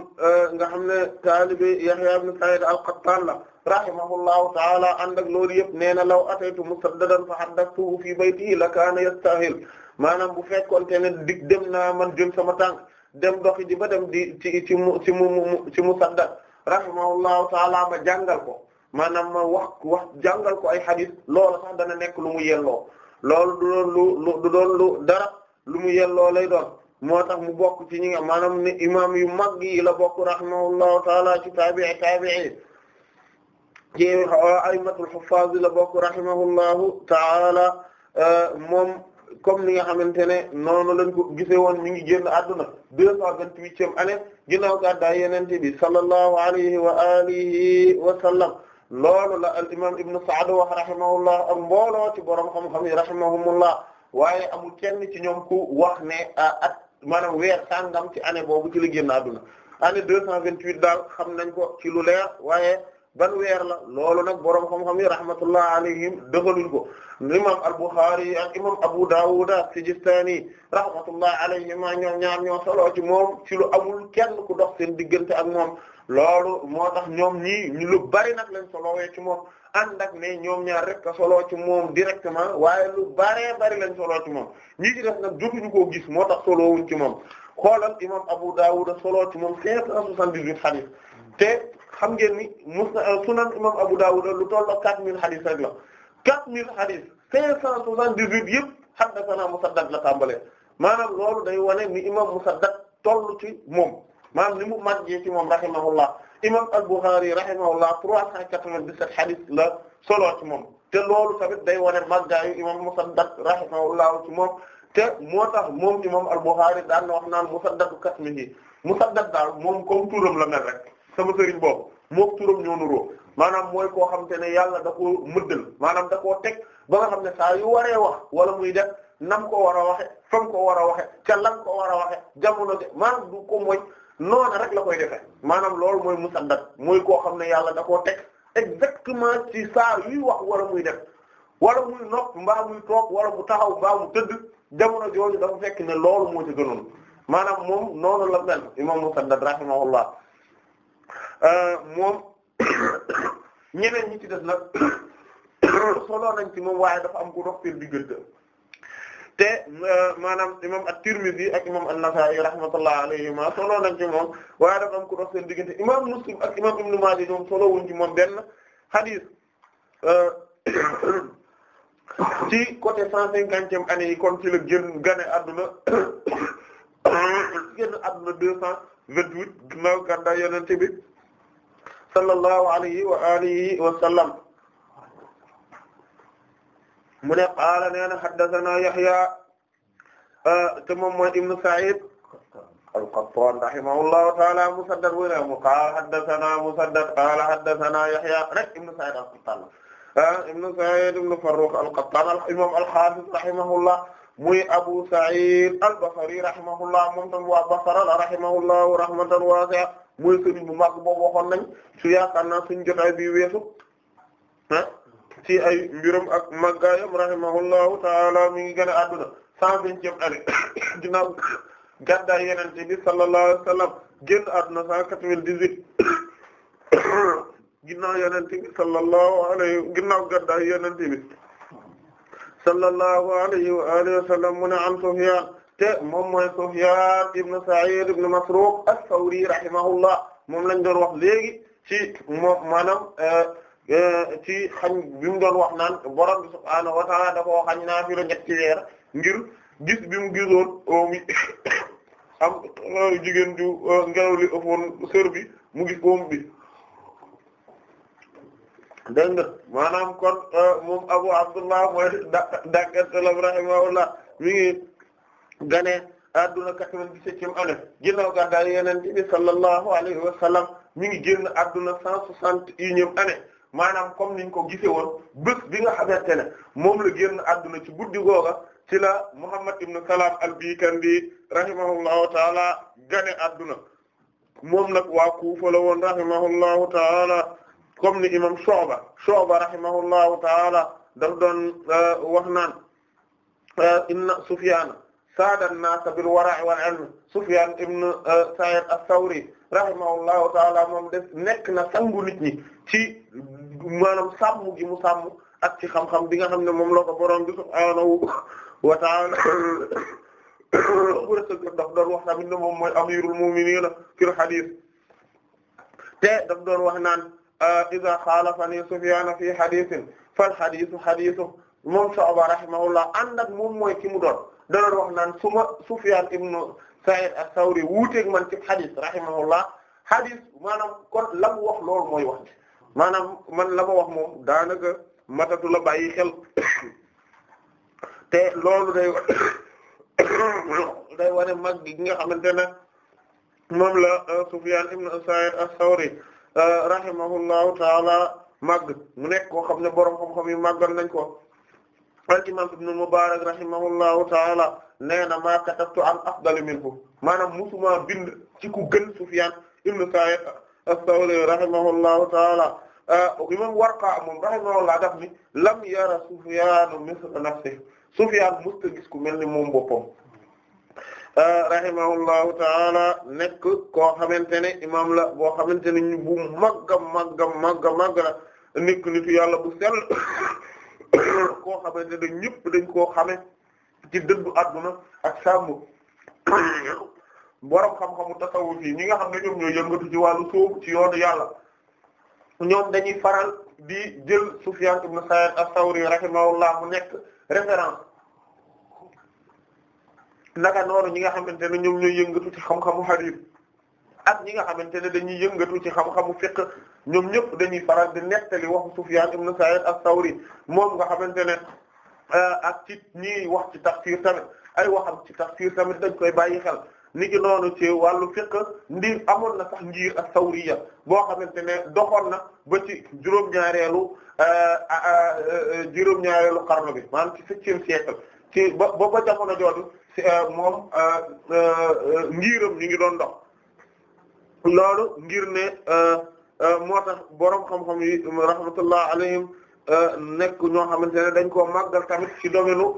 nga xam ne taalibe Yahya ibn Sa'id al-Qattan la rahimahullahu taala ànd ak loolu yëpp nee na law ataytu musaddadan fa haddathtuhu fii baytihi la kaana yastahil maanaam bu fekkoonte ne dig dem naa man jël sama tànk dem doxi ji ba dem di ci ci mu ci mu ci musaddad rahimahullahu taala ma jàngal ko maanaam ma wax wax ko ay hadith loolu sax dana nekk lu mu yelloo loolu du doon lu doon lu dara lu mu yelloo lay doon moo tax mu bokk ci ñi nga maanaam imaam yu mag yi la bokk rahimahullahu taala ci taabi'i taabi'i ci a'immatul huffaaz la bokk rahimahullahu ta'ala moom comme ni nga xamante ne noonu lañ ko gisee woon mi ngi génn adduna deux cent vingt-huitième année ginnaaw gàddaay yenente bi sallallahu alayhi wa alihi wa sallam loolu la al imam ibnu Sa'd wax rahimahullah ak mbooloo ci borom xam-xam yi rahimahumullah waaye amul kenn ci ñoom ku wax ne ah, at maanaam weer sàngam ci année boobu ci la génn adduna année deux cent vingt-huit daal xam nañ ko ci lu leer waaye ban weer la loolu nag boroom xam-xam yi rahmatullah alayhim dëxaluñ ko imam al-Bukhari ak imam Abu Dawud as-Sijistani rahmatullah alayhima ñoom ñaar ñoo solo ci moom ci lu amul kenn ku dox seen diggante ak moom loolu moo tax ñoom ñii lu bari nag lañ solowee ci moom ànd ak ne ñoom ñaar rek a soloo ci moom directement waaye lu baree bari lañ soloo ci moom ñii ci def nag jotuñu koo gis moo tax solowuñ ci moom xoolal imam Abu Dawud soloo ci moom cinq cent soixante xam ngeen ni musnad euh, sunan imam Abu Dawud lu toll ak 4000 xadis rek la 4000 xadis 578 yëpp haddathana Musaddad la tàmbalee maanaam loolu day wane ni imam Musaddad toll ci moom maanaam ni mu màggee ci moom rahimahullah imam al-Bukhari rahimahullah 397 xadis la solo ci moom te loolu tamit day wane màggaayu imam Musaddad rahimahullah ci moom te moo tax moom imam al-Bukhari daan na wax naan Musaddadu kasmihi Musaddad daal mook turam ñoo nuroo maanaam mooy koo xam te ne yàlla da ko mëddal maanaam da koo teg ba nga xam ne saa yu waree wax wala muy def nam ko war a waxe fam ko war a waxe ca lam ko war a waxe jamono de maanaam du ko mooy noona rek la koy defee maanaam loolu mooy musaddad muy koo xam ne yàlla da koo teg exactement ci saa yuy wax wala muy def wala muy nopp mbaam muy toog wala mu taxaw mbaa mu tëdd jamono jooju dafa fekk ne lool moo ci gënoon maanaam moom noonu la mel imam musaddad rahimahullah Euh, moom [coughs] ñeneen ñi ci def nag [coughs] solo nañ ci moom waaye dafa am ku dox seen diggante te euh, maanaam imam at-Tirmidhi ak imam an-Nasa'i rahmatullah alayhima solo nañ ci moom waaye dafa am ku dox seen diggante imam Muslim ak imam Ibn Maaja ñoom solo wuñ ci moom benn hadith euh, [coughs] ci côté cent cinquantième année yi kon ci la génn gane adduna génn adduna deux cent vingt-huit ginnaaw gàddaay Yonent bi sallallahu alayhi wa alihi wa sallam mu ne qaala nee na haddathana Yahya te moom mooy ibnu Sa'id al-Qattan rahimahullahu ta'ala Musaddad bu ne mu qaala haddathana Musaddad qaala haddathana Yahya rek ibnu Sa'id al-Qattan ibnu Sa'id ibnu Farrukh al-Qattan imam al-Hafiz rahimahullah muy Abu Sa'id al-Basri rahimahullah moom tam waa Basra rahimahullahu rahmatan wasi'a mooy sëriñ bu mag boobu waxoon nañ su yaakaar naa bi weesu ah ci ay mbirum ak màggaayam rahimahullahu taala mi ngi gën a adduna cent vingtième année [coughs] ginnaaw gàddaay yenente bi sallallahu alayhi wa sallam génn adduna cent quatre-vingt-dix-huit [coughs] ginnaaw yenente bi sallallahu alayhi ginnaaw gàddaay yenente bi sallallahu alayhi wa alihi mu ne am Sufyaan te moom mooy Sufyan ibn Sa'id ibn Masruq as-Sawri rahimahullah moom lañ doon wax léegi ci moom maanaam euh, euh, ci xañ bi doon wax naan borom bi subhaanahu dafa koo xañ naa fi la ñetti weer ngir gis bi mu gisoon omi euh, [coughs] am jigéen ju ngelaw li ëppoon sër bi mu gis oom bi dégg nga maanaam kon moom Abu Abdullah mooy da dàkkantalam rahimahullah mi gane adduna quatre-vingt-dix-septième année ginnaaw gàddaay yonent bi sallallahu alayhi wa sallam mi ngi génn adduna cent soixante et unième année maanaam comme niñ ko gisee woon bés bi nga xamante ne moom la génn adduna ci guddi googa ci la Muhammad ibn Salam al-Bikandi rahimahullahu taala gane adduna moom nag waa Kufa la woon rahimahullahu taala comme ni imam Shu'ba Shu'ba rahimahullahu taala daf doon euh, wax euh, inna Sufyaan saadan naasa bil wara'i wal ilm Sufyaan ibn uh, Sa'iid as-Sawri rahimahullahu ta'ala moom def nekk na sangu nit ñi ci maanaam sàmm gi mu sàmm ak ci xam-xam bi nga xam ne moom la ko borom bi subhaanahu wa ta'ala [coughs] wërsëgal daf doon wax tamit ne moom mooy amiirul mu'miniina fil hadiis te daf doon wax naan uh, iza xaalafani Sufyaan fi hadiisin fal hadiisu hadiisuhu moom Shu'ba rahimahullah ànd ak moom mooy ki mu doon. daal doon wax naan su ma Sufyaan ibnu Sa'id as-Sawri wuuteeg man ci xadis rahimahullah xadis maanaam kon la wax loolu mooy wax maanaam man la ma wax moom daanaka matatu la bàyyi xel te loolu day [coughs] day wane mag gi nga xamante ne moom la euh, Sufyaan ibnu Sa'id as-Sawri euh, rahimahullahu taala màgg mu nekk koo xam ne borom xam-xam yi màggal nañ ko al imam ibn Mubarak rahimahullahu taala nee na maa katabtu an afdal minhu maanaam musuma bind ci ku gën Sufyan ibn Sa'id as-Sawri rahimahullahu taala uh, imam Warqa moom rahimahullah daf lam yara Sufyan misla nafsihi Sufyan musta mel ni moom boppam uh, rahimahullahu taala nekk koo xamante imam la boo xamante ne magga magga magga nekk nitu yàlla bu sell [coughs] koo xamante ne ñëpp dañ koo xame ci dëddu adduna ak sàmm borom xam-xamu tasawuf ñi nga xam ne ñoom ñooy yëngatu ci wàllu sóobu ci yoonu yàlla ñoom dañuy faral di jël Sufyan ibn Sa'id as-Sawri rahimahullah mu nekk référence naka noonu ñi nga xamante ne ñoom ñooy yëngatu ci xam-xamu hadith ak ñi nga xamante ne dañuy yëngatu ci xam-xamu fiqh ñoom ñëpp dañuy faral di nettali waxu Sufyan ibn Sa'id as-Sawri moom nga xamante ne eh, ak ci ñiy wax ci tafsir tamit ay waxam ci tafsir tamit dañ koy bàyyi xel niki noonu ci wàllu fiqh ndi amoon na sax njiir as-Sawriya boo xamante ne doxoon na ba ci juróom-ñaareelu eh, eh, juróom-ñaareelu xarnu bi maanaam ci septième siècle ci ba ba na jooju moom ngiiram ñu ngi doon dox. loolu ngir ne euh, euh, moo tax borom xam-xam yi rahmatullah alayhim euh, nekk ñoo xamante ne dañ koo màggal tamit ci domaine nu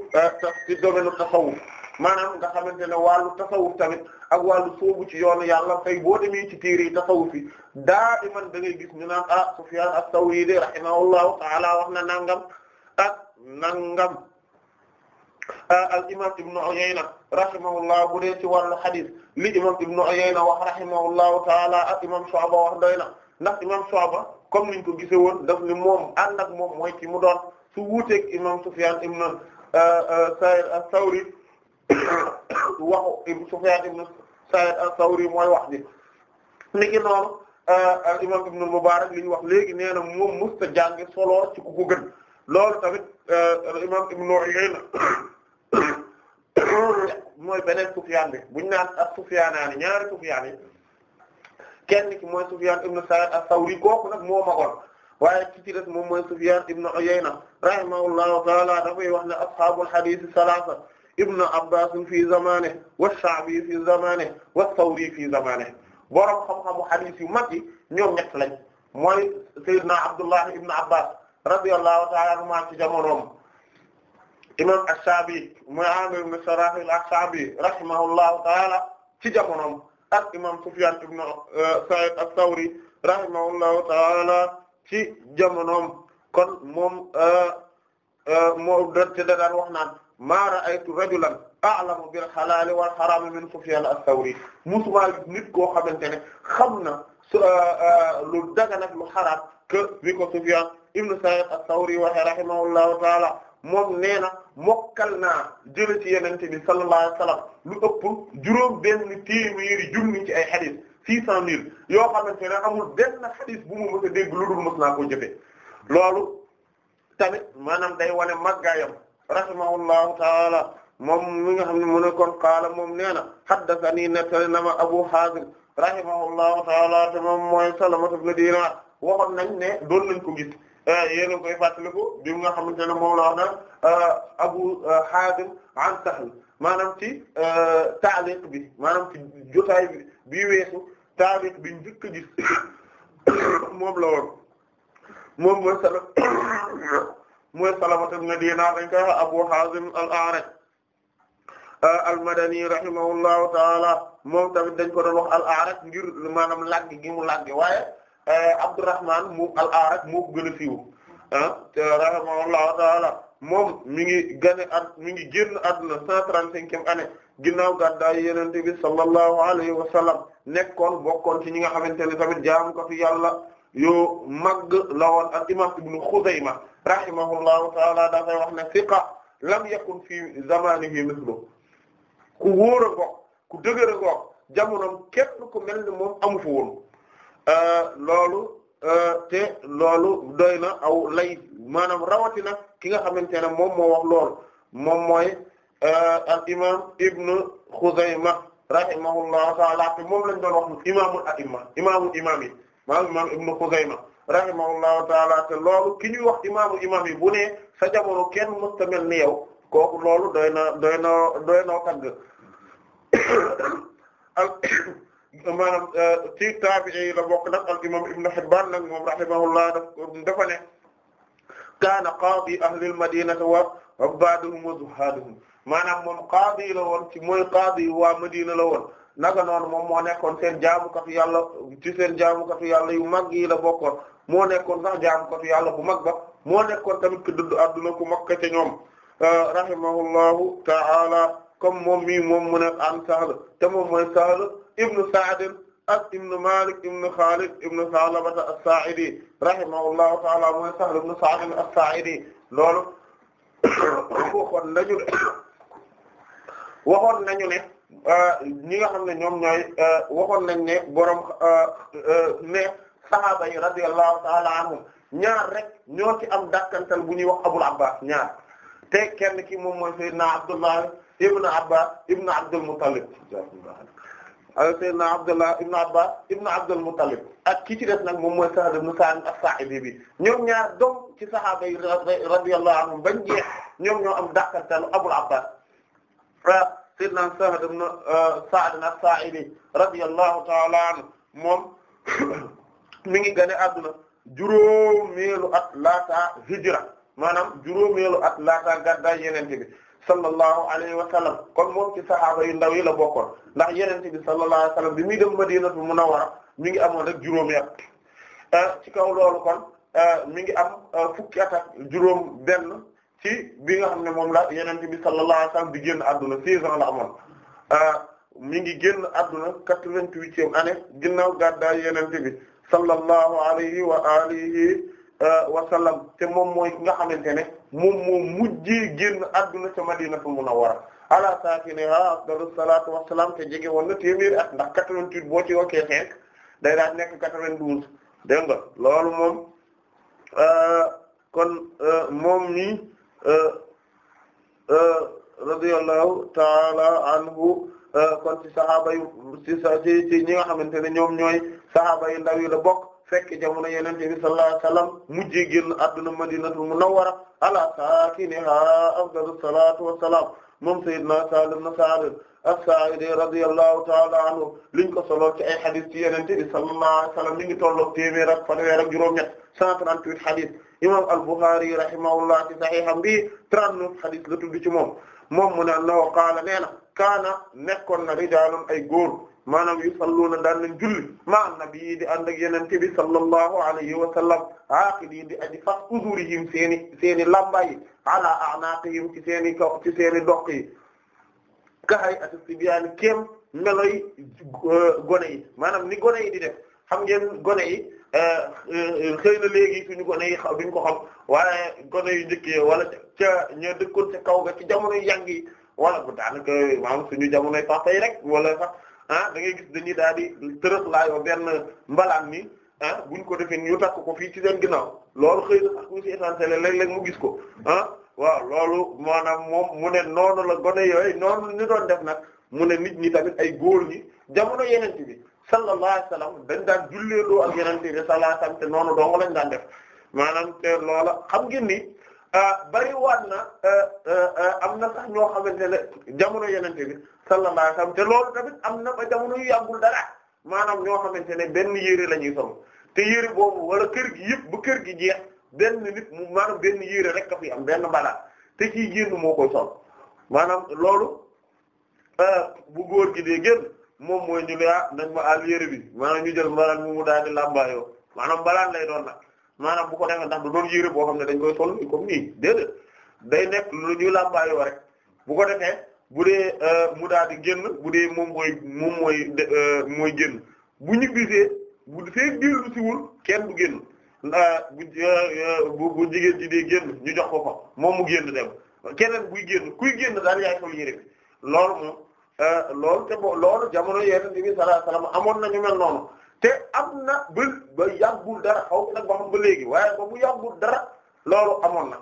ci domaine tasawuf maanaam nga xamante ne wàllu tasawuf tamit ak wàllu soobu ci yoonu yàlla tey boo demee ci tiir yi tasawuf yi daa iman da gis ñu naan ah Sufyan as-Sawri de ta'ala wax na nangam ak nangam ah, al imam Ibn Uyayna rahimahullah bu dee ci wàllu hadith li imam ibnu Uyayna wax rahimahullahu taala ak imam Shu'ba wax doy na ndax imam Shu'ba comme niñ ko gisee woon daf ni moom ànd ak moom mooy ci mu doon su wuuteeg imam Sufyan ibn euh, euh, Sa'id as-Sawri [coughs] waxu Sufyan ibn Sa'id as-Sawri mooy wax ji niki noonu euh, imam ibn Mubarak li ñu wax léegi nee na moom musta jànge solo ci ku ko gën imam ibn Uyayna [coughs] loolu mooy beneen Sufyaan bi buñ naan ak Sufyaanaani ñaari Sufyaan yi kenn ki mooy Sufyaan ibnu Sa'iid as-Sawri kooku nag moo magoon waaye ki ci des moom mooy Sufyaan ibnu Uyayna rahimahullahu ta'ala dafay wax ne ashaabul hadiis salaasa ibnu Abbaas fi zamaanihi wa Sha'bi fi zamaanihi wa Sawri fi zamaanihi borom xam-xamu hadiis yu mag yi ñoom ñett lañ mooy Seydina Abdullah ibnu Abbaas radiyallahu ta'ala anhumaa ci jamonoom imam As-Saabi mooy Aamir ibn Sharaahi As-Saabi rahimahullahu taala ci jamonoom ak imam Sufyaan ibn euh, Sa'iid As-Sawri rahimahullahu taala ci jamonoom kon moom euh, euh, moo dante da daan wax naan maa ra'aytu rajulan a'lamu bil halaali wal haraami min Sufyaan As-Sawri musuma nit koo xamante ne xam na lu dagan ak lu xaraam que bi ko Sufyaan ibn Sa'iid As-Sawri waxe rahimahullahu taala moom nee na mokkal na jële ci yenente bi sallallahu alayhi wasallam lu ëpp juróom benn téeméeri junni ci ay xadis six cent mille yoo xamante ne amul benn xadis bu mu mës a lu dul mës na ko jëfe loolu tamit maanaam day wane màggaayam rahimahullahu taala moom mi nga xam mu ne kon qaala moom nee na haddathanii nettali na ma Abu Haazim rahimahullahu taala te moom mooy Salamatu ibn Diinaar waxoon nañ ne doon nañ ko gis Euh, yéen a koy fàttaliku bi nga xam ne moom la wax naan euh, Abu euh, Haazim an Sahl maanaam ci taaliq bi maanaam ci jotaay bi weesu taaliq bi njëkk a gis [coughs] moom la woon moom mooy sala [coughs] mooy Salamata ibn Dinar dañ koy wax Abu Haazim al-A'raj al-Madani rahimahullahu ta'ala moom tamit dañ ko doon wax al-A'raj ngir maanaam làgg gi mu làgg waaye. Eh, Abdurrahman mu al-A'raj moo ko gën a siiw ah rahimahullahu ta'ala moom mi ngi gane at mi ngi génn àdduna cent trente-cinquième année ginnaaw gàddaay Yonent bi sallallahu alayhi wa sallam nekkoon bokkoon ci ñi nga xamante ne tamit jaamukatu yàlla yoo màgg la woon ak imam Ibn Khuzayma rahimahullahu ta'ala dafay wax ne thiqa lam yakun fi zamanihi mithlu ku wóor a gox ku dëgër a gox jamonoom képp ku mel ni moom amu fi woon Euh, loolu euh, te loolu doy na aw lay maanaam rawatina ki nga xamante ne moom moo wax loolu moom mooy euh, al imam ibnu Xuzayma rahimahullahu taala te moom lañ doon wax imaamul a'imma imaamul imaam yi maanaam imaam ibnu Xuzayma rahimahullahu taala te loolu ki ñuy wax imaamu imaam yi bu ne sa jamono kenn mësta mel ni yow kooku loolu doy na doy na doy na tagg [coughs] maanaam euh, ci taabi'i la bokk nag al imam Ibn Hibban nag moom rahimahullah dafa ne kaana qaadi ahlil madinati wa ubbaaduhum wa zuhhaaduhum maanaam moom qaadi la woon ci mooy qaadi waa Madina la woon naka noonu moom moo nekkoon seen jaamukatu yàlla ci seen jaamukatu yàlla yu mag yi la bokkoon moo nekkoon sax jaamukatu yàlla bu mag ba moo nekkoon tamit ku dëddu adduna ku mag ca ñoom euh, rahimahullahu ta'ala comme moom mii moom mu ne am Sahl te moom mooy Sahl ibnu Sa'd ak ibnu Malik ibnu Khalid ibnu Sa'laba as-Sa'idi rahimahullahu ta'ala mooy Sahl ibnu Sa'd as-Sa'idi loolu waxoon nañu ne waxoon nañu ne ñi nga xam ne ñoom ñooy waxoon nañ ne borom ne sahaaba yi radiyallahu ta'ala ñaar rek ñoo ci am dàkkantal bu ñuy wax Abul Abbas ñaar te kenn ki moom mooy Sayyidina Abdullah ibn Abbas ibn Abdul sayyidina Abdullah ibn Abbas ibn Abdul Muttalib ak ki ci def nag moom mooy Sahl ibn Sa'd as-Sa'idi bi ñoom ñaar doom ci sahaaba yi radiyallahu anhum bañ jeex ñoom ñoo am dàqanteel Abul Abbas ah, sayyidina Sahl ibn ah, Sa'd as-Sa'idi radiyallahu ta'ala anhu moom [coughs] mi ngi gane adduna juróomeelu at laata hijra maanaam juróomeelu at laata gàddaay Yonent bi sallallahu alayhi wa sallam kon moom ci saxaaba yu ndaw yi la bokkoon ndax yenente bi sallallahu alayhi wa sallam bi muy dem Madinatu Munawwara mi ngi amoon rek juróomi at euh, ci kaw loolu kon euh, mi ngi am euh, fukki at juróom benn ci bi nga xam ne moom la yenente bi sallallahu alayhi wa sallam génn adduna seize ans la amoon mi ngi génn adduna quatre-vingt-huitième année ginnaaw gàddaay yenente bi sallallahu alayhi wa alihi wa te moom mooy nga xamante ne moom moo mujjee génn adduna ca Madinatul Munawwara ala saakinihaa afdalu salaatu wa salaam te jege woon na téeméeri at ndax 88 boo ci yokkee 5 day daal nekk 92 dégg nga loolu moom euh, kon euh, moom mi euh, radiyallahu ta'ala anhu kon ci saxaaba yu ci ci ñi nga xamante ne ñoom ñooy saxaaba yu ndaw yi la bokk. fekk jamono yonent bi sallallahu alayhi wasallam mujjee génn adduna madinatul munawwara ala saakiniha afdalu salaatu wassalaam moom sayyidina Sahl ibn Sa'd as-Sa'idi radiyallahu ta'ala anhu liñ ko solo ci ay xadis ci yonent bi sallallahu alayhi wasallam li ngi tolloog téeméer ak fanweer ak juróom-ñett 138 xadis imam al-Bukhari rahimahullah ci sahiham bi 39 xadis la tudd ci moom moom mu ne na qaala nee na kaana nekkoon na rijaalun ay góor maanaam yu a daan nañ julli na nabi di ànd ak yeneen te bi sallallahu alayhi wa sallam aaqidi di aji fas uzurihim seeni seeni lamba yi ala a'naqihim ci seeni kaw ci seeni doq yi ka hay'ati sibyaani kéem meloy euh, gone yi maanaam ni gone yi di def xam ngeen gone yi euh, euh, xëy na léegi suñu gone ko xam waaye gone yu njëkkee wala ca ña dëkkoon ca kaw ga ci jamono yang yi wala bu daanaka maanaam suñu jamonoy papa yi rek wala sax ah da gis dañuy daal di tërëx laayoo benn mbalaan ni ah buñ ko defee ñu takk ko fii ci seen ginnaaw loolu xëy na sax ku ci essentiel léeg-léeg mu gis ko ah waaw loolu maanaam moom mu ne noonu la gone yooyu noonu ñu doon def nag mu ne nit ñi tamit ay góor ñi jamono yeneen bi sallallahu alayhi wasallam dañ daan julleeloo ak yeneen bi sallallahu alayhi te noonu dong lañ daan def maanaam te loola xam ngeen ni ah, bari waat na ah, ah, am na sax ñoo xamante ne jamono yeneen bi. sallallahu alayhi wasallam te loolu tamit am na ba jamono yu yàggul dara maanaam ñoo xamante ne benn yére lañuy ñuy sol te yére boobu wala kër gi yëpp bu kër gi jeex benn nit mu maanaam benn yére rek ka fi am benn balaa te kii génn moo koy sol maanaam loolu euh, bu góor gi dee génn moom mooy ñu ne ah nañ ma àll yére bi maanaam ñu jël mbalaan mu mu daal di làmbaayoo maanaam balaan lay doon nag maanaam bu ko defee yére boo xam ne dañ koy sol comme nii déedéet day nekk lu ñuy làmbaayoo bu ko defee. bu dee euh, mu daal génn bu dee moom mooy moom mooy euh, mooy génn bu ñibbisee bu feeg dellu siwul kenn du génn euh, bu bu jigéen ji dee génn ñu jox ko ko moom mu génn dem keneen buy génn kuy génn daal yaay sol yére bi loolu moom loolu te bo loolu jamono yeneen bi sallallahu alayhi wasallam amoon nañu mel noonu te am na ba ba yàggul dara xaw ma nag ba xam ba léegi waaye ba bu yàggul dara loolu amoon na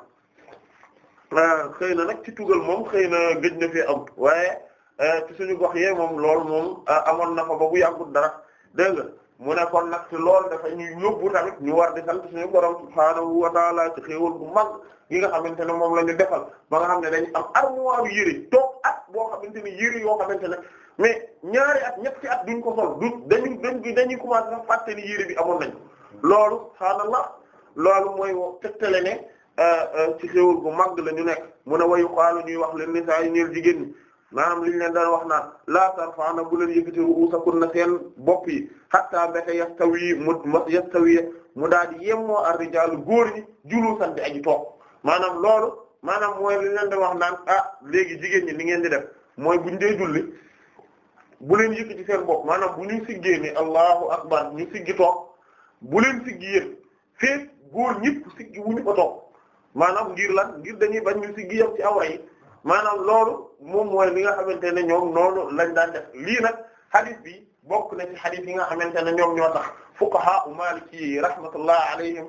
xëy na nag ci tugal moom xëy na gëj na fi am waaye eh, ci suñu gox yee moom loolu moom eh, amoon na fa ba bu yàggut dara dégg nga mu ne kon loolu dafa ñu yóbbu tamit ñu war di sant suñu borom subhaanahu wa taala ci xéewal mag yi nga xamante ne moom la ñu defal ba nga xam ne dañu am armoire yëre toog at boo xamante ne yëre yoo xamante ne mais ñaari at ñetti at duñ ko sol duñ dañuy dañuy dañuy commencé sax fàtte ni yëre bi amoon nañ loolu subhaanallah loolu mooy tegtale ne. Euh, euh, ci xéwal gu mag la ñu nekk mu ne wayu xaalu ñuy wax leen nisaa yi ñeel jigéen ñi maanaam li ñu leen daan wax naan laa tarfa'na bu leen yëkkati na seen bopp yi hatta mbete yastawi mu yastawi mu daal di yemmoo ar-rijaalu góor ñi julusan di aji toog maanaam loolu maanaam mooy li ñu leen wax naan a ah, léegi jigéen ñi li ngeen di def mooy buñ dee julli bu leen yëkkati seen bopp maanaam bu ñu siggee ni allahu akbar ñu siggi toog bu leen siggi yéen féet góor ñi siggi wuñu ko toog maanaam ngir lan ngir dañuy bañ ñu si giyam ci awra yi maanaam loolu moom mooy li nga xamante ne ñoom noonu lañ daan def lii nag hadith bi bokk na ci hadith yi nga xamante ne ñoom ñoo tax fuqaha u maliki yi rahmatullah alayhim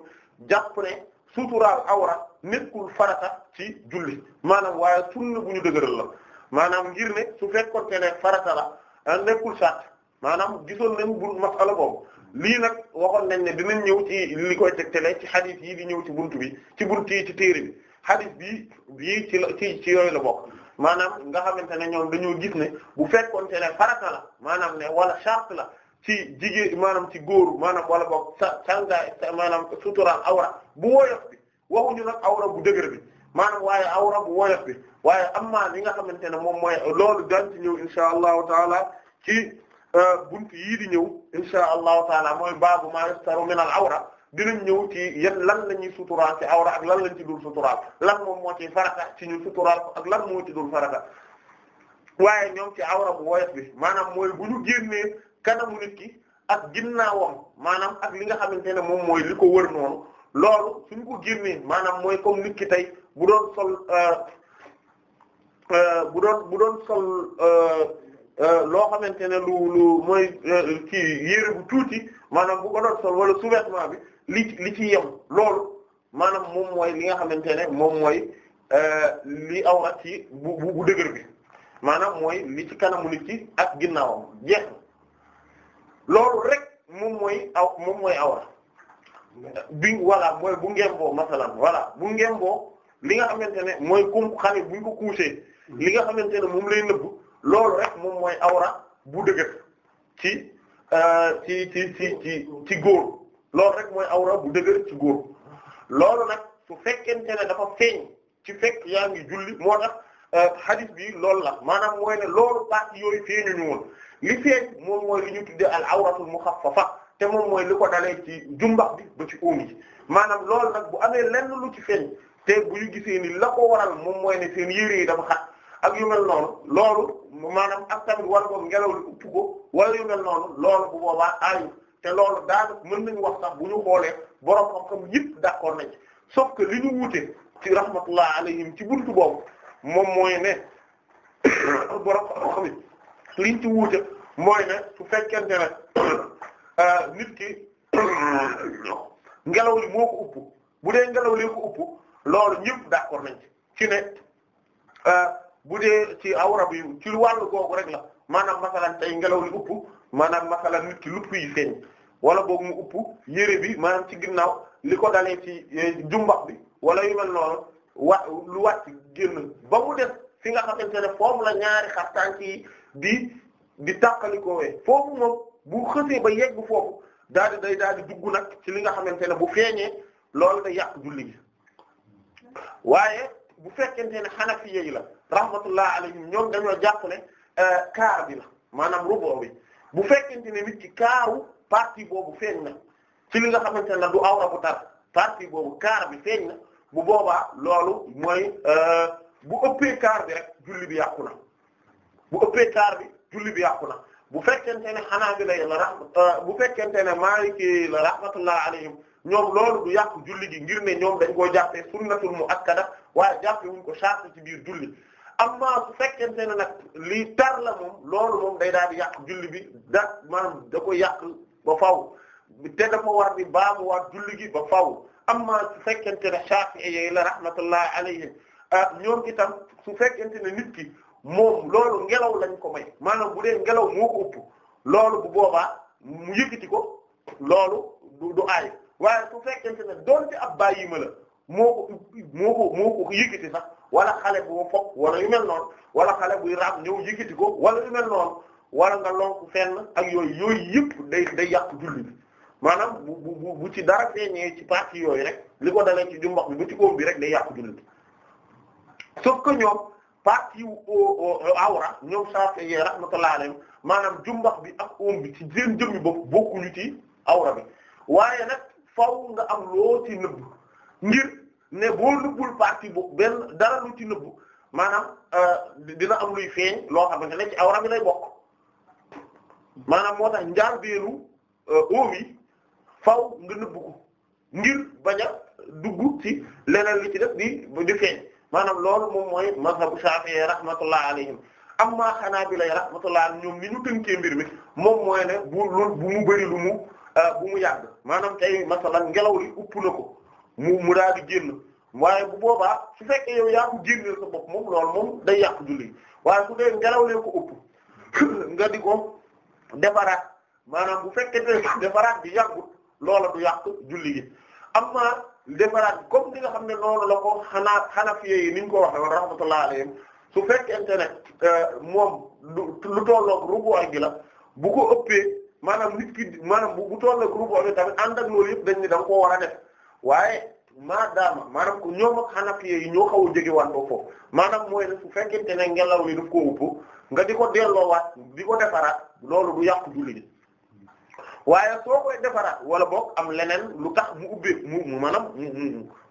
jàpp ne suturaal awra nekkul farata ci julli maanaam waaye sunna bu ñu dëgëral la maanaam ngir ne su fekkoon te ne farata la nekkul sart maanaam gisoon nañ bu masala boobu lii nag waxoon nañ ne dinañ ñëw ci li koy tegtale ci xadis yi di ñëw ci buntu bi ci buntu yi ci téere bi xadis bi bii ci la ci ci yooyu la bokk maanaam nga xamante ne ñoom dañoo gis ne bu fekkoonte ne farata la maanaam ne wala charte la ci jigéen maanaam ci góor maanaam wala boog sa sangaay maanaam sutural awra bu woyof bi waxuñu nag awra bu dëgër bi maanaam waaye awra bu woyof bi waaye am na li nga xamante ne moom mooy loolu daan ci ñëw insha allahu taala ci Euh, buntu yii di ñëw insha allahu taala mooy baabu ma yastaru min al awra dinañ ñëw ci yan lan la ñuy suturaal ci awra ak lan lañ ci dul suturaal lan moom moo ci farata ci ñu suturaal ak lan moo ci dul farata waaye ñoom ci awra bu woyof bi maanaam mooy bu ñu génnee kanamu nit ki ak ginnaawam maanaam ak li nga xamante ne moom mooy li ko wër noonu loolu suñ ko génnee maanaam mooy comme nit ki tey bu doon sol euh, euh, bu doon bu doon sol Euh, loo xamante ne lu lu mooy ci euh, yére bu tuuti maanaam bu ko sol wala sous-vêtement bi li li ci yem loolu maanaam moom mooy li nga xamante ne moom mooy euh, li awra ci bu bu dëgër bi maanaam mooy li ci kanamu nit ci ak ginnaawam jeex loolu rek moom mooy aw moom mooy awra bi voilà mooy bu ngemboo masalan wala bu ngemboo li nga xamante ne mooy kum xale buñ ko couché li nga xamante ne moom lay nëbb loolu rek moom mooy awra bu dëgër ci euh, ci ci ci ci ci góor loolu rek mooy awra bu dëgër ci góor loolu nag su fekkente ne dafa feeñ ci fekk yaa ngi julli moo tax euh, hadith bi loolu la maanaam mooy ne loolu partie yooyu feeñuñu woon li feeñ moom mooy li ñu tuddee al awratul mukhaffafa te moom mooy li ko dalee ci jumbax bi ba ci óom yi maanaam loolu nag bu amee lenn lu ci feeñ te bu ñu gisee ni la ko waral moom mooy ne seen yére yi dafa xat ak yu mel noonu loolu maanaam ak tamit war ko ngelaw li upp ko wala yu mel noonu loolu bu boobaa aayu te loolu daal mën nañu wax sax bu ñu xoolee borom xam-xam yëpp d'accord nañ sauf que li ñu wuute ci rahmatullah alayhim ci buntu boobu moom mooy ne [coughs] borom xam-xam yi ci wuute mooy ne su fekkente ne [coughs] euh, nit ki [coughs] ngelaw li moo ko upp bu dee ngelaw li ko upp loolu ñëpp d'accord nañ ci ci ne. Euh, bu dee ci awra bi ci wàllu googu rek la maanaam masalan tey ngelaw li upp maanaam masalan nit ki lupp yi feeñ wala boog mu upp yére bi maanaam ci ginnaaw li ko dalee ci eh, jumbax bi wala yu mel noonu wa lu wàcc génn ba mu def fi nga xamante ne foofu la ñaari xar tànk yi di di tàqalikoowee foofu moom bu xësee ba yegg foofu daal di day daal di dugg nag ci li nga xamante ne bu feeñee loolu da yàq julli gi waaye bu fekkente ne xanafi yi la rahmatullah alayhim ñoom dañoo jàpp ne euh, kaar bi la maanaam rubo bi bu fekkente ne nit ci kaaru partie boobu feeñ na ci li nga xamante ne du awra bu tar partie boobu kaar bi feeñ na bu boobaa loolu mooy euh, bu ëppee kaar bi rek julli bi yàqu na bu ëppee kaar bi julli bi yàqu na bu fekkente ne Hanaabila la ra euh, bu fekkente ne Maaliki la rahmatullah alayhim ñoom loolu du yàqu julli gi ngir ne ñoom dañ koo jàppee sunnatul muakkada waaye jàppee wuñ ko charte ci biir julli amma su fekkente ne nag lii tar la moom loolu moom day daal di yàq julli bi da maanaam da ko yàq ba faw te dafa war di baamu waat julli gi ba faw amma su fekkente ne Shafi'i la rahmatullahi alayhim ah, ñoom itam su fekkente ne nit ki moom loolu ngelaw lañ ko may maanaam bu dee ngelaw moo ko ëpp loolu bu boobaa mu yëkkati ko loolu du du aay waaye su fekkente ne doonte ab bàyyima la moo ko moo ko moo ko yëkkati sax wala xale bu fopp wala yu mel noonu wala xale buy raam ñëw yëkkati ko wala yu mel noon wala nga lonk fenn ak yooyu yooyu yépp day day yàq julli bi maanaam bu bu bu ci dara feeñee ci partie yooyu rek li ko dalee ci jumbax bi ba ci koom bi rek day yàq julli bi sauf que ñoom partie wu awra ñoom Shafi'i rahmatullah alayhim maanaam jumbax bi ak oom bi ci seen jëmmi bopp bokkuñu ci awra bi waaye nag faaw nga am loo ci nëbb ngir. ne boo nëbbul partie bu benn dara lu ci nëbbu maanaam euh, dina am luy feeñ loo xamante ne ci awra bi bokk maanaam moo tax njaal beenu euh, oom yi nga nëbb ko ngir bañ dugg ci leneen li ci def di di feeñ maanaam lool moom mooy mazhabu Shafi'i rahmatullah alayhim amma Hanabila rahmatullah ñoom li ñu tënkee mbir mi moom mooy ne bu loolu bu mu bëri lu mu euh, bu mu yàgg maanaam tey masalan ngelaw li upp na ko mu mu daal di génn waaye bu boobaa su fekkee yow yaa ko génneel sa bopp moom loolu moom day yàq julli waaye su dee ngelaw lee ko ëpp [laughs] nga di ko defaraat maanaam bu fekkee ne [laughs] defaraat bi yàggut loola du yàq julli gi am na defaraat comme ni nga xam ne noonu ko xanaa xanafiye yi ni ko wax woon rahmatullah fekkente ne euh, moom lu tolloog rubuwaay gi la bu ko ëppee maanaam nit ki maanaam bu bu tolloog rubuwaay bi tamit ànd ak loolu yëpp dañ ne da nga koo war a def. waaye maadaama maanaam ko ñoom ak Hanafi yi ñoo xaw a jege wantoo foofu maanaam mooy ne su fekkente ne ngelaw li daf ko nga di ko delloowaat di ko defaraat loolu du yàqu julli bi waaye soo koy defaraat wala boog am leneen lu tax mu ubbee mu maanaam mu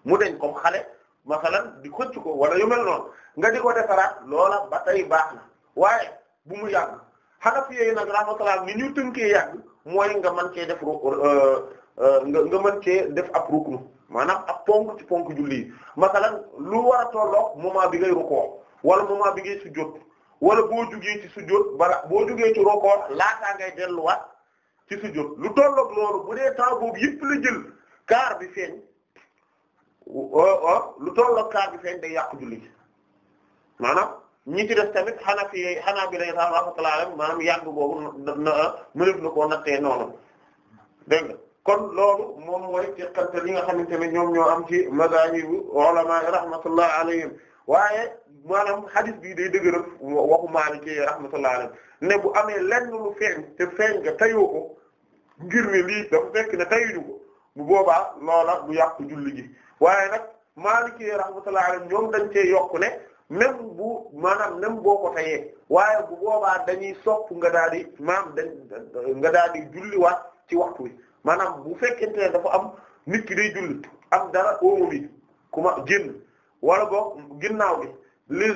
mu deñ comme xale masalan di xëcc ko wala yu mel noonu nga di ko defaraat loola ba tey na waaye bu mu yàgg Hanafi yi nag rahmatullah ni ñu tënkee yàgg mooy nga man cee def euh, Euh, nga nga mën cee def ab ruknu maanaam ab ponk ci ponk julli yi masalan lu war a tolloog bi ngay rukkoo wala moment bi ngay sujjóot wala boo jugee ci sujjóot bala boo jugee ci rukkoo laataa ngay delluwaat ci sujjóot lu tolloog loolu bu dee temps boobu yëpp la jël kaar bi feeñ euh, euh, lu tolloog kaar bi feeñ day yàqu julli gi maanaam ñi ci def tamit xanaa fi xanaa bi lay rahmatullah alayhi maanaam yàgg boobu na na mënef kon loolu moom mooy teqante li nga xamante ne ñoom ñoo am ci madhahibu ulama rahmatullah alayhim waaye maanaam hadith bii day dëgëral waxu Maliki rahmatullah alayhim ne bu amee lenn lu feeñ te feeñ nga tayoo ko ngir ne boobaa loola du yàq julli gi waaye nag Maliki rahmatullah alayhim ñoom dañ cee yokk ne même bu maanaam même boo ko tayee waaye bu boobaa dañuy sopp nga daal di maam dañ nga daal di julliwaat ci waxtu wi maanaam bu fekkente ne dafa am nit ki day julli am dara oomo bi ku génn wala boog ginnaaw bi li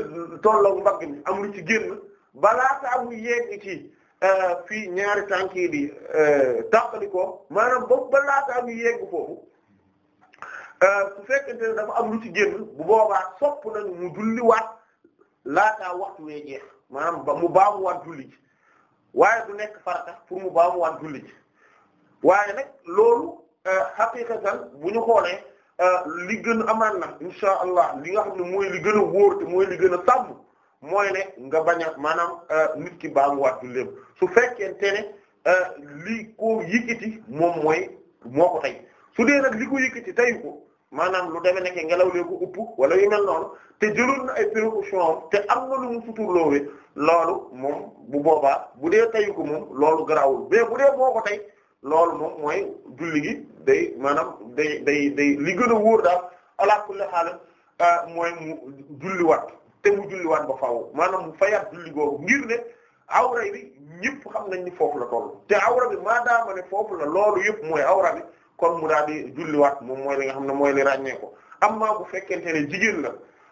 tolloog mbagg mi am lu ci génn balaa saa mu yegg ci euh, ñaari tànk yi di euh, tàqali ko maanaam boobu balaa saa mu yegg foofu euh, su fekkente ne dafa am lu ci génn bu boobaa sopp nañu mu julliwaat laata waxtu wee jeex maanaam ba mu baamuwaat julli ji waaye du nekk farata pour mu baamuwaat julli ji. waaye nag loolu euh, xaqiqatan bu ñu xoolee euh, li gën amaan na insha allah li nga xam ne mooy li gën a wóor te mooy li gën a sàmm mooy ne nga bañ a maanaam euh, nit ki baamuwaat julleem su fekkente ne li ko yëkkati moom mooy moo ko tey su dee nag li ko yëkkati teyu ko maanaam lu demee nekk ngelaw lee ko upp wala yu mel noonu te jëloon na ay précaution te am na lu mu suturloowe loolu moom bu boobaa bu dee teyu ko moom loolu garaawul mais bu dee moo ko tey loolu moom mooy julli gi day maanaam day day li gën a wóor daal ala kulli haal euh, mooy mu julliwaat te mu julliwaat ba faw maanaam mu fayaat julli googu ngir ne awra bi ñëpp xam nañ ni foofu la toll te awra bi maadaama ne foofu la loolu yëpp mooy awra bi kon mu daal di julliwaat moom mooy li nga xam ne mooy li ràññee ko amma bu fekkente ne jigéen la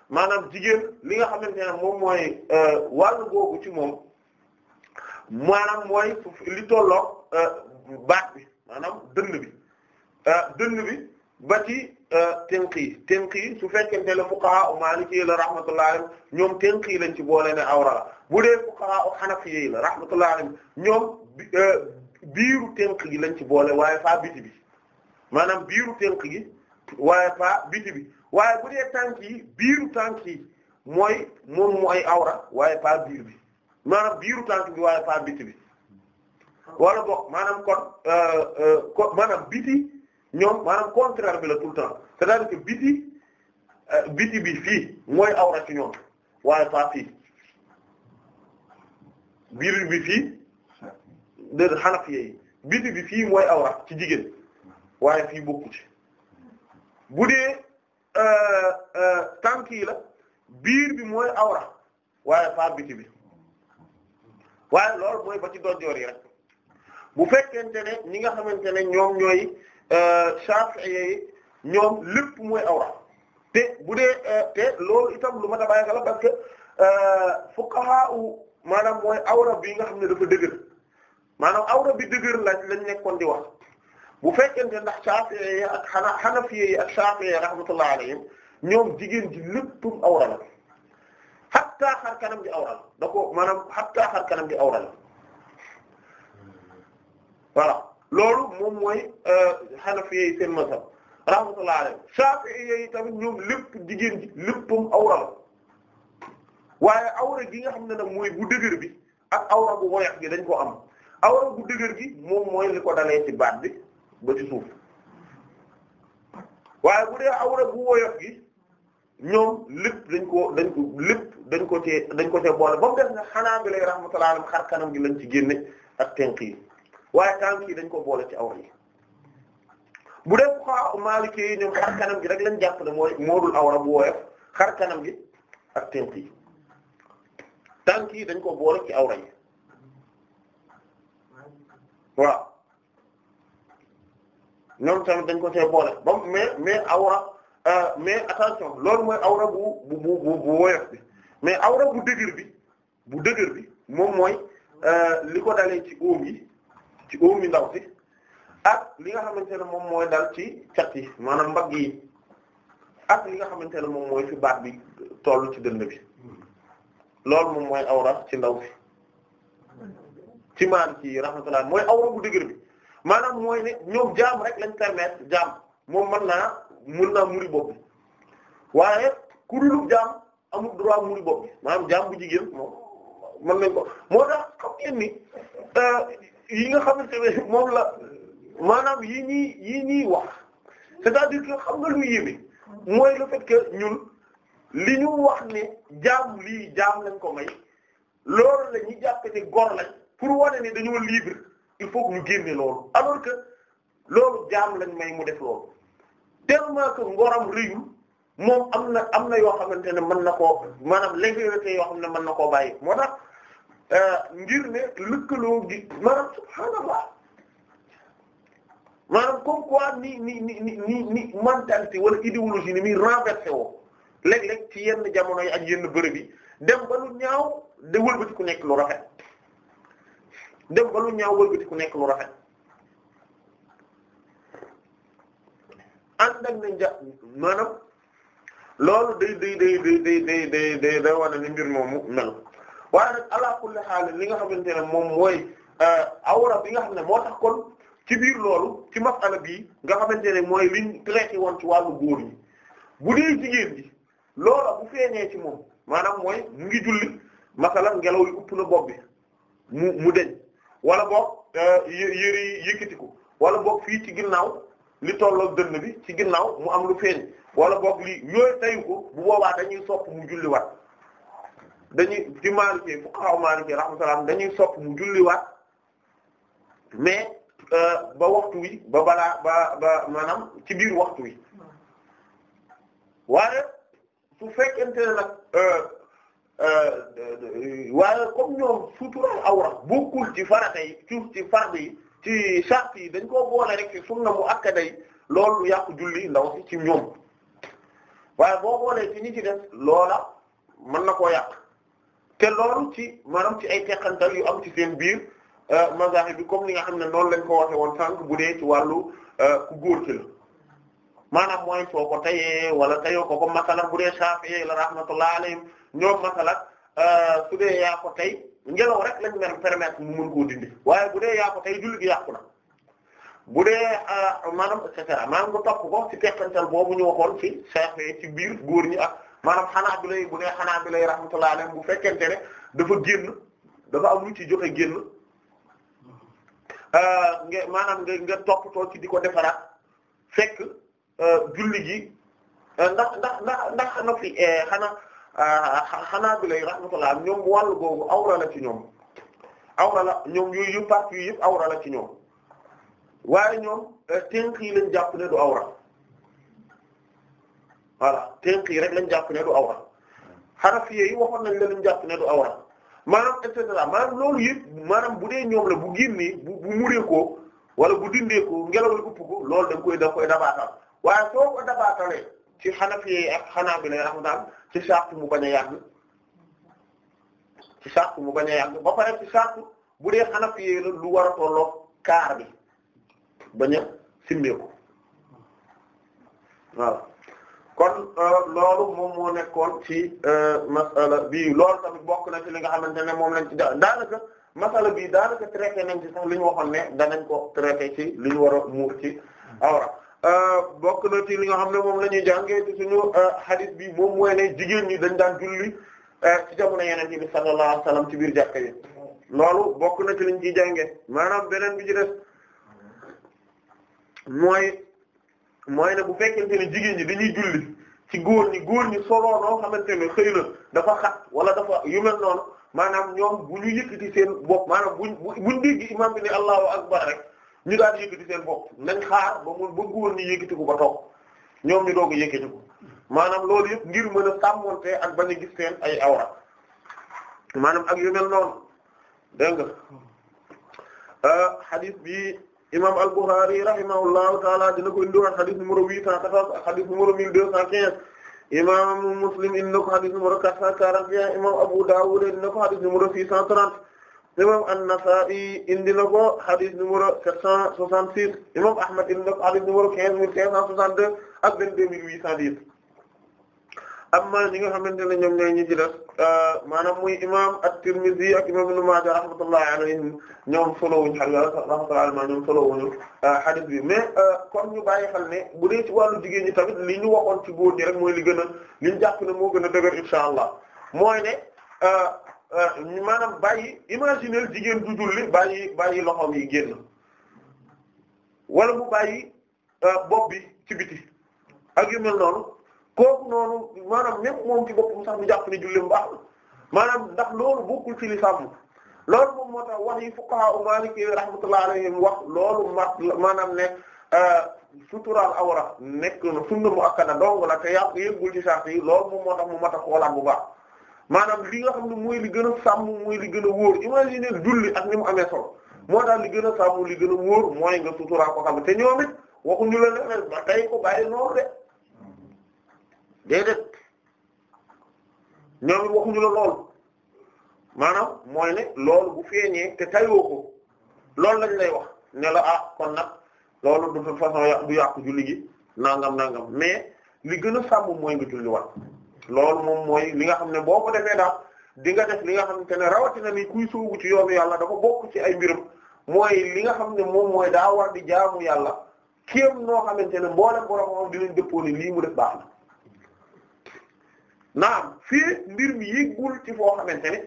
maanaam jigéen li nga xamante ne moom mooy euh, wàllu googu ci moom maanaam mooy li tolloo euh, baat bi maanaam dënn bi ah, dënn bi ba ci ah, tenq yi tenq yi su fekkente ne fuqaha u maliki la rahmatullahi alayhim ñoom tenq yi lañ ci boole ne awra bu dee fuqaha u hanafi la rahmatullahi alayhim ñoom ah, biiru tenq yi lañ ci boole waaye faa biti bi maanaam biiru tenq gi waaye faa biti bi waaye bu dee tànk yi biiru tànk yi mooy moom mooy awra waaye faa biir bi maanaam biiru tànk bi waaye faa biti bi wala boog maanaam kon euh, euh, maanaam biti ñoom maanaam contraire bi la tout le euh, biti bi fii mooy awra ci ñoom waaye pas fii biir bi fi de xanaf yeey biti bi fii mooy awra ci jigéen waaye fii bokku ci bu dee tànk yi la biir bi mooy awra waaye pas biti bi waaye loolu mooy ba ci dojoor yi rek bu fekkente ne ñi nga xamante ne ñoom ñooy euh, Shafi'i ñoom lépp mooy awra te bu dee euh, te loolu itam lu ma a bàyyi xel parce que euh, fuqaha maanaam mooy awra bi nga xam ne dafa dëgër maanaam awra bi dëgër lañ lañ nekkoon di wax bu fekkente ndax Shafi'i yi ak xanaa Hanafi yi ak Shafi'i rahmatullah alayhim ñoom jigéen ji léppum awra la hatta xar kanam di awra la da ko maanaam hatta xar kanam ji awra la voilà loolu moom mooy euh, Hanafi yi seen mazhab rahmatullahi alayhi Shafi'i yi tamit ñoom lépp jigéen ji léppam awra la waaye awra gi nga xam ne nag mooy bu dëgër bi ak awra bu woyax gi dañ ko am awra bu dëgër gi moom mooy li ko dalee ci baat bi ba ci suuf waaye bu dee awra bu woyof gi ñoom lépp dañ ko dañ ko lépp dañ ko ci dañ ko cee boole ba mu def nga xanaa bi lay rahmatullahi alayhi xar kanam gi lañ ci génne ak tenk yi waaye tànk dañ ko boole ci awra yi bu def xaa Maliki yi ñoom xar kanam gi rek lañ jàpp ne mooy moodul awra bu woyof xar kanam gi ak tànk yi dañ ko boole ci awra yi waaw ñoom tamit dañ ko see boole ba mais mais awra euh, mais attention loolu mooy awra bu bu bu bu woyof bi mais awra bu dëgër bi bu dëgër bi moom mooy euh, li ko dalee ci óom yi ci óomi ndaw si ak li nga xamante ne moom mooy dal ci cat yi maanaam mbagg yi ak li nga xamante ne moom mooy fi baat bi toll ci dënd bi loolu moom mooy awra ci ndaw si ci maan ci rahmatullah mooy awra bu dëgër bi maanaam mooy ne ñoom jaam rek lañ permettre jaam moom mën naa mën naa muri bopp bi waaye ku dulub jaam amul droit muri bopp bi maanaam jaam bu jigéen moom mën nañ ko moo tax xam ngeen euh, yi nga xamante moom la maanaam yi ñuy yi ñuy wax c'est-à-dire que xam nga lu yéeme mooy le fait que ñun li ñu wax ne jaam lii jaam lañ ko may loolu la ñu jàpp ne lañ pour wane ne dañoo libre il faut ñu génne loolu alors que loolu jaam lañ may mu def loolu tellement que ngoram rëyul moom am na am na yoo xamante ne mën na koo maanaam léeg yoo xam ne mën na koo bàyyi moo tax. Euh, ngir ne lëkkaloo gi maanaam subhaanallah maanaam comme quoi ni ni ni ni ni ni mentalité wala idéologie ni muy renversé woo léeg-léeg ci yenn jamono yi ak yenn bërëb yi dem ba ñaaw de wëlbati ku nekk lu rafet dem ba lu ñaaw wëlbati ku nekk lu rafet ànd ak na nja maanaam loolu day day day day day day day day wane ni mbir moomu mel. waaye nag ala kulli xaal li nga xamante ne moom mooy euh, awra bi nga xam ne moo tax kon ci biir loolu ci masala bii nga xamante ne mooy liñ traité woon ci wàllu góor ñi bu dee jigéen ji loola bu feeñee ci moom maanaam mooy mu ngi julli masala ngelaw li upp na bopp bi mu mu deñ wala boog euh, yëri ko wala boog fii ci ginnaaw li tolloo dënn bi ci ginnaaw mu am lu feeñ wala boog lii yooyu tayu ko bu boobaa dañuy sopp mu julliwaat dañuy di Maliki fuqaha Maliki rahmatullah dañuy sopp mu julliwaat mais euh, ba waxtu wi ba balaa ba ba maanaam ci biir waxtu wi waaye su fekkente ne nag euh, euh, waaye comme ñoom sutural awra bokkul ci farata yi ci farde yi ci sart yi dañ koo boole rek ci sunna mu akkada yi loolu yàqu julli ndaw ci ñoom waaye boo boolee ci ñi ci def loola mën na koo yàq te loolu ci maanaam ci ay teqantal yu am ci seen biir euh, mazahib bi comme ni nga xam ne noonu lañ ko waxe woon sànq bu dee ci wàllu euh, ku góor ci la maanaam mooy soo ko tayee wala tayoo ko ko masala bu dee Shafi'i la rahmatullah alayhim ñoom masala euh, su dee yaa ko tey ngelaw rek lañ leen permettre mu mën koo dindi waaye bu dee yaa ko tey jullit yàqu na bu dee maanaam et cetera maanaam nga topp ko ci teqantal boobu ñu waxoon ci Shafi'i ci biir góor ñi a maanaam xana bi lay bu nee xanaa bi lay rahmatullah bu fekkente ne dafa génn dafa am lu ci joxe génn euh, nga maanaam nga nga toppatoo ci di ko defaraat fekk euh, julli gi euh, ndax ndax ndax ndax na fi eh, xanaa xanaa bi lay rahmatullah ñoom wàll googu awra la ci ñoom awra la ñoom yooyu yëpp parties yëpp awra la ci ñoom waaye ñoom tënk yi lañ jàpp ne du awra voilà tënk yi rek lañ jàpp ne du awra xaraf yi waxoon nañ la luñ jàpp ne du awra maanaam et cetera maanaam loolu yëpp maanaam bu dee ñoom la bu génnee bu bu muree ko wala bu dindee ko ngelaw li ëpp ko loolu da nga koy da koy dabaatal waaye soo ko dabaatalee ci xanafi yi ak xanaa bi lay raxmataan ci saako mu bañ a yàgg ci saako mu bañ a yàgg ba pare ci saako bu dee xanafi yi lu war a tolloog kaar kon euh, loolu moom moo nekkoon ci euh, masala bi loolu tamit bokk na ci li nga xamante ne moom lañ ci daanaka masala bi daanaka traité nañ ci sax li ñu waxoon ne danañ ko traité ci li ñu muur ci awra euh, bokk na ci li nga xam ne moom la ñuy jàngee ci suñu hadith bi moom mooy ne jigéen ñi dañ daan julli ci jamono yeneen bi sallallahu alayhi wasallam ci biir jàkka yi loolu bokk na ci liñ ciy jàngee maanaam beneen bi ci mooy. mooy na bu fekkente ne jigéen ñi dañuy julli ci góor ñi góor ñi solo noo xamante ne xëy na dafa xat wala dafa yu mel noonu maanaam ñoom bu ñu yëkkati seen bopp maanaam buñ buñ dégg imam bi ne allahu akbar rek ñu daal di yëkkati seen bopp nañ xaar ba mu ba góor ñi yëkkati ko ba toog ñoom ñu doog yëkkati ko maanaam loolu yëpp ngir mën a sàmmonte ak ba a gis seen ay awra maanaam ak yu mel noonu dégg nga euh, bi. imam al-Bukhari rahimahullahu taala dina ko huit cent quatorze ak hadith numéro deux cent quinze imam Muslim indi na ko hadith numéro quatre cent quarante et imam Abu Dawud indi na six cent trente imam An-Nasa'i indi na ko cent soixante six imam Ahmad indi na quinze mille cinq cent soixante deux ak vingt deux mille huit cent dix am amma ñi nga xamante ne ñoom ñooy ñi ci def euh, maanaam muy imaam at-Tirmidhi ak imam Ibn Maaja rahmatullahi alayhim ñoom solo wuñu xam ñoom solo wuñu euh, bi mais comme euh, ñu bàyyi xel ne bu dee ci wàllu jigéen ñi tamit li ñu waxoon ci góor ñi rek mooy li gën a li ñu jàpp ne moo gën a dëgër insha allah mooy ne maanaam bàyyi imaginer jigéen du julli bàyyi bàyyi loxoom yi génn wala mu bayi bopp bi ci biti ak yu mel noonu. kooku noonu maanaam même moom ci boppam sax mu jàpp ne julleem baax na maanaam ndax loolu bokkul ci li sàmm loolu moom moo tax wax yi fuqaha maliki rahmatullahi alayhim wax loolu ma euh, nekk na sunna mu akkada dong la te yàq yëggul ci mu mat a xoolaat bu baax maanaam li nga xam ne mooy li gën a sàmm mooy li gën a wóor imaginer julli ak ni mu amee solo moo tax li gën a sàmm li gën a wóor mooy nga suturaal ko xam te ñoom it waxuñu la ne ba tey ko bàyyi noor de. déedéet ñoom it waxuñu la lool maanaam mooy ne loolu bu feeñee te tayoo ko lañ lay wax ne a ah, kon nag loolu de toute façon bu yàqu julli gi nangam nangam mais li gën a sàmm mooy nga julliwaat loolu moom mooy li nga xam ne boo ko defee daal di nga def li nga xamante ne rawatina ni kuy soobu ci yoonu yàlla dafa bokk ci ay mbiram mooy li nga xam ne moom mooy daa war di jaamu yàlla kéem noo xamante ne mboolem borom moom dinañ dëppoo ne lii mu def baax na. naam fii mbir mi yëggul ci foo xamante ne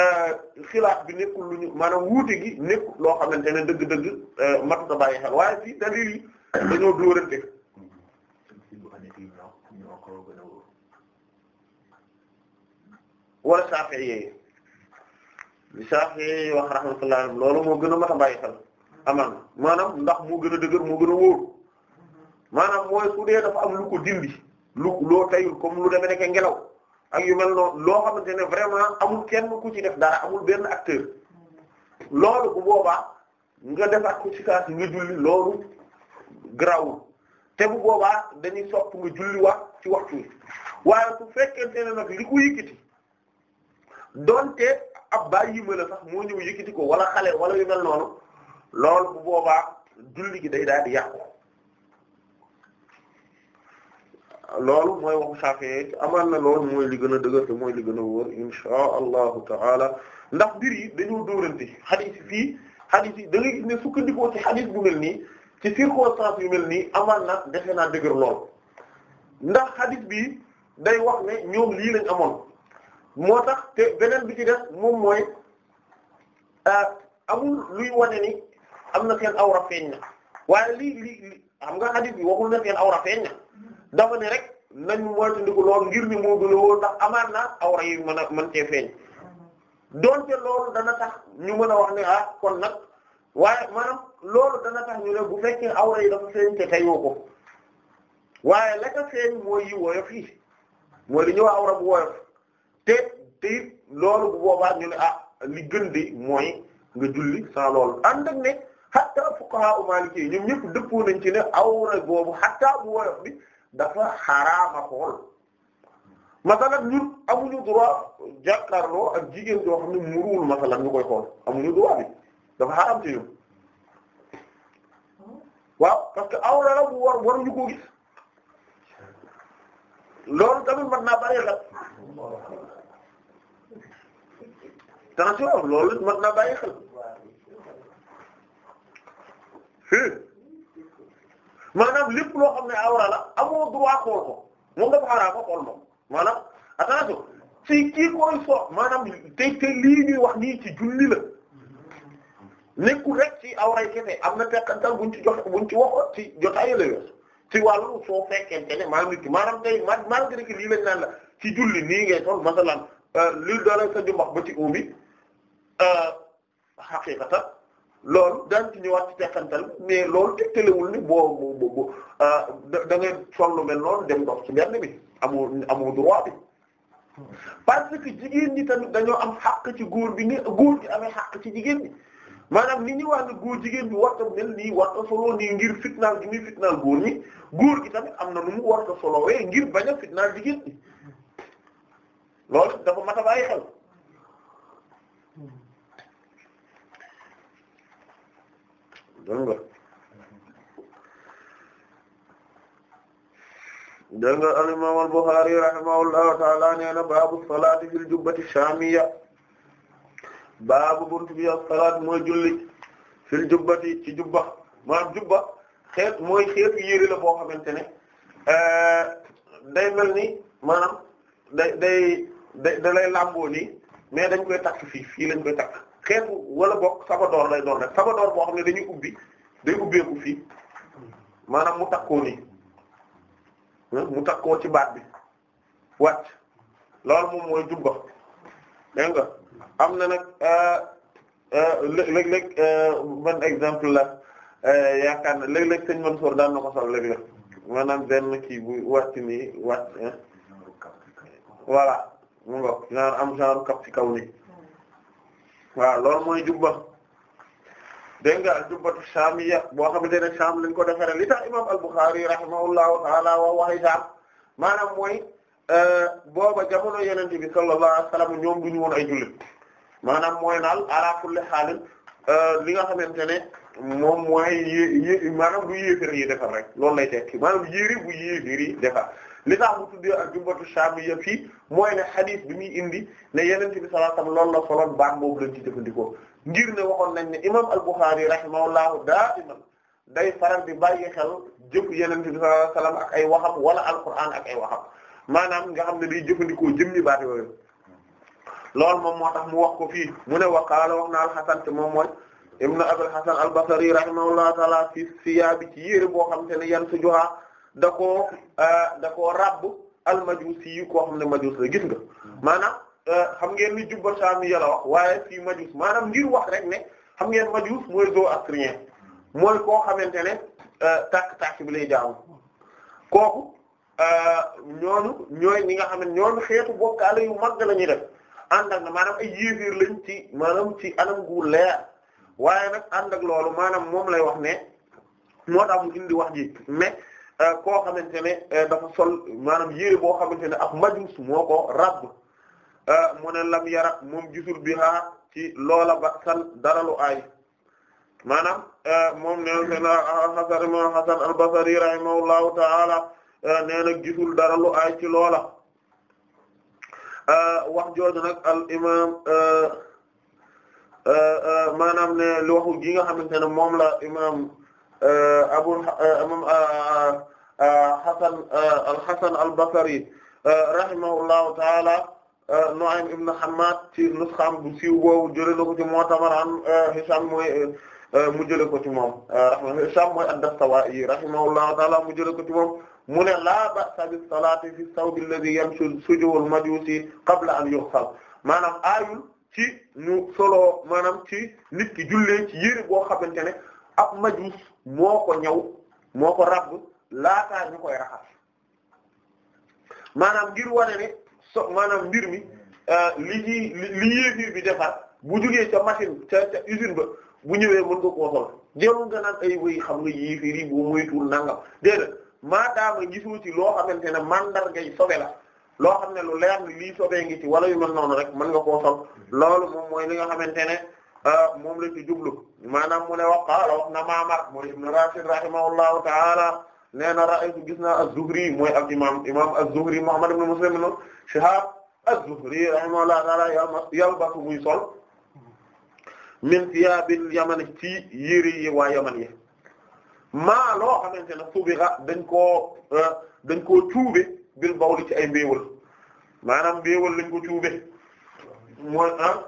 euh, xilaaf bi nekkul lu ñu maanaam wuute gi nekkul loo xamante ne dëgg-dëgg euh, matuta bàyyi xel waaye fii dalil yi dañoo dóorante wala Shafi'i yooyu li Shafi'i yi wax rahmatullah loolu moo gën a mat a bàyyi xel amaan maanaam ndax moo gën a dëggër moo gën a wóor maanaam mooy su dee dafa am lu ko dindi lu loo tayul comme lu demee nekk ngelaw ak yu mel noonu loo xamante ne vraiment amul kenn ku ci def daal amul benn acteur loolu bu boobaa nga def ku ci kaas nga julli loolu grawul te bu boobaa dañuy sopp nga julli wax ci waxtu wi waaye su fekkente ne nag li ku yëkkati donte ab bàyyi ma la sax moo ñëw yëkkati ko wala xale wala yu noonu loolu bu boobaa julli gi day daal di yàqu. loolu mooy waxu Shafi'i amaan na loolu mooy li gën a dëgër mooy li gën a wóor insha allahu taala ndax mbir yi dañoo dóorante xadis yi fii xadis yi da ngay gis ne sukkandikoo ci xadis bu mel nii ci circonstance yu mel nii amaan na defe naa dëgër lool ndax xadis bi day wax ne ñoom lii lañ amoon moo tax te beneen bi ci def moom mooy euh, amul luy wane ni am na seen awra feeñ na waaye lii lii xam nga xadis bi waxul na seen awra feeñ na dama ne rek nañ moytandiku loolu ngir ni moo gën a wóor ndax amaan na awra yi mën a mën cee feeñ loolu dana tax ñu mën a wax ne ah kon nag waaye maanaam loolu dana tax ñu ne bu fekkee awra yi dafa feeñ te tayoo ko waaye la ka feeñ mooy yi woyof yi mooy li ñuy wax awra bu woyof te te loolu bu boobaa ñu ne ah li gën di mooy nga julli sans loolu ànd ak ne hatta fuqaha u maliki ñoom ñëpp dëppoo nañ ci ne awra boobu hatta bu woyof bi dafa xaraama xool masalan ñun amuñu droit jàkkaarloo ak jigéen joo xam ne muruwul masalan ñu koy xool amuñu droit bi dafa xaraam ci ñun waaw parce que aw la bu war waruñu koo gis loolu tamit mën naa bàyyi xel loolu mën naa bàyyi xel maanaam lépp loo xam ne awra la amoo droit xool ko moom nga ko xaraama xool moom maanaam attention si kii koy soo maanaam tey tey lii ñuy wax nii ci julli la nekkul rek ci awray kese am na tekkantal buñ ci jox buñ ci waxoon ci jotaay la yoon ci wàllu soo fekkente ne maanaam nit ki maanaam tey man malgré que lii lañ naan la ci julli nii ngay sol masalan euh, li doola sa jumbax ba ci uum bi euh, loolu daan ci ñëwaat ci teqantal mais loolu tegtalewul ni boo boo ah, da ngay sol lu mel noonu dem ndox ci mbedd bi amoo amoo droit parce que jigéen ñi tamit dañoo am xàq ci góor bi ni góor gi amee xàq ci jigéen ñi maanaam ni ñuy wax ne góor jigéen bi war a mel nii war a solo nii ngir fitnaal gi muy fitnaal góor ñi góor gi tamit am na nu mu war a solowee ngir bañ a fitnaal jigéen ñi loolu dafa mat a bàyyi xel. dégg nga dégg nga al imam al Bukhari rahimahullahu ta'ala nee na baabu salaati fil jubbati shaamiyya baabu buntu bi salaat mooy julli fil jubbati jubba maanaam jubba xeet mooy xeetu yére la boo xamante ne eh, day mel ni maanaam day day day da lay làmboo dañ koy takk fii lañ koy takk xeetu wala bokk sabadoor lay doon rek sabadoor boo xam ne dañuy ubbi day ubbeeku fii maanaam mu takkoo nii mu takkoo ci baat bi wàcc loolu moom mooy jubba dégg am na nag euh, euh, léeg-léeg euh, man exemple la yaakaar na léeg-léeg sëñ Mansour daan na ko sol léeg-léeg maanaam benn kii bu wàcc nii wàcc voilà mu nga naan am genre kap ci kaw nii waaw loolu mooy jubba dégg nga jubbatu saamiya boo xamante ne saam lañ ko defaree li tax imam al-Bukhari rahimahullahu ta'ala wa waxi saam maanaam mooy euh, booba jamono yenente bi sallallahu alayhi wasallam ñoom duñu woon ay jullit maanaam mooy naal ala kulli xaalin euh, li nga xamante ne moom mooy yé yé maanaam bu yéefér yi defar rek loolu lay tekki maanaam yéri bu yéefér yi defar li tax mu tuddee ak jumbatu shaamiyya fii mooy ne hadith bi muy indi ne yonent bi sallallahu alayhi wasallam loolu la soloon baax boobu lañ ci jëfandikoo ngir ne waxoon nañ ne imam al-Bukhari rahimahullahu daa'iman day faral di bàyyi xel jëf yonent bi sallallahu alayhi ak ay waxam wala alquran ak ay waxam maanaam nga xam ne day jëfandikoo jëmmi baat yooyu loolu moom moo tax mu wax ko fii mu ne waqaala wax na al-Hasan te moom mooy ibnu Abul Hasan al-Basri rahimahullahu ta'ala fi siyaabi ci boo xam te ne yan sujuha da koo euh, da koo rabb almajuus yi koo xam ne majuus la gis nga maanaam euh, xam ngeen ni jubba saami yàlla waaye fii majuus maanaam ngir wax rek ne xam ngeen majuus mooy zoroastrien mooy koo xamante ne euh, tàkk tàkk bi lay jaamu kooku ñooñu ñooy ñi nga xam ne ñooñu xeetu bokkaale yu mag la ñuy def ànd ak na maanaam ay yéeféer lañ ci maanaam ci anam gu leer waaye nag ànd ak loolu maanaam moom lay wax ne moo tax indi wax ji mais Euh, koo xamante ne euh, dafa sol maanaam yére boo xamante ne ak majus moo ko rabb euh, mu ne lam yara moom gisul biha ci loola ba san daralu aay maanaam moom ne sena ah, ah, Hasan imam Hasan ci loola wax jooju nag maanaam ne li waxu gi nga xamante ne moom la imam abul imam Hasan uh, al-Hasan al-Basri uh, rahimahullahu ta'ala uh, Nu'aym ibn Hammad ci nusxam bu siiw boobu jëlee na ko ci Mu'tamar an Hisham mooy mu jëlee ko ci moom rahimahullahu Hisham mooy ad-Dastuwaa'i rahimahullahu ta'ala mu jëlee ko ci moom mu ne laa ba'sa bis-salaati fi ath-thawbi alladhi yamsujuhu al-majuusi qabla an yughsal maanaam aayul ci ñu solo maanaam ci nit ki jullee ci yére boo xamante ne ab majuus moo ko ñaw moo ko rabb laataa ñu koy raxas maanaam ngir wane ne so maanaam mbir mi euh, li ci li yéefir bi defar bu jugee ca machine ca ca usine ba bu ñëwee mën nga koo sol jëloon nga naan ay wéy xam nga yéefir yi bu moytuwul nangam déedéet maadaama gisoo ci loo xamante ne mandargay sobe la loo xam ne lu leer ni lii sobee ngi ci wala yu mel noonu rek mën nga koo loolu moom mooy li nga xamante ne euh, moom la ci jublu maanaam mu ne waqaala wax na Maamar mu ibn Rashid rahimahullahu ta'ala nee na ra'aytu gis naa az-Zuhri mooy ak imaam imaam az-Zuhri Muhammad ibn Muslim ibn Shihab az-Zuhri rahimahullahu ta'ala yalbasu muy sol min thiyaabil yaman ci yére yi waa yaman yi maa loo xamante ne subira dañ koo euh, dañ koo cuube bil bawli ci ay mbéewal maanaam mbéewal lañ ko cuube mooy ah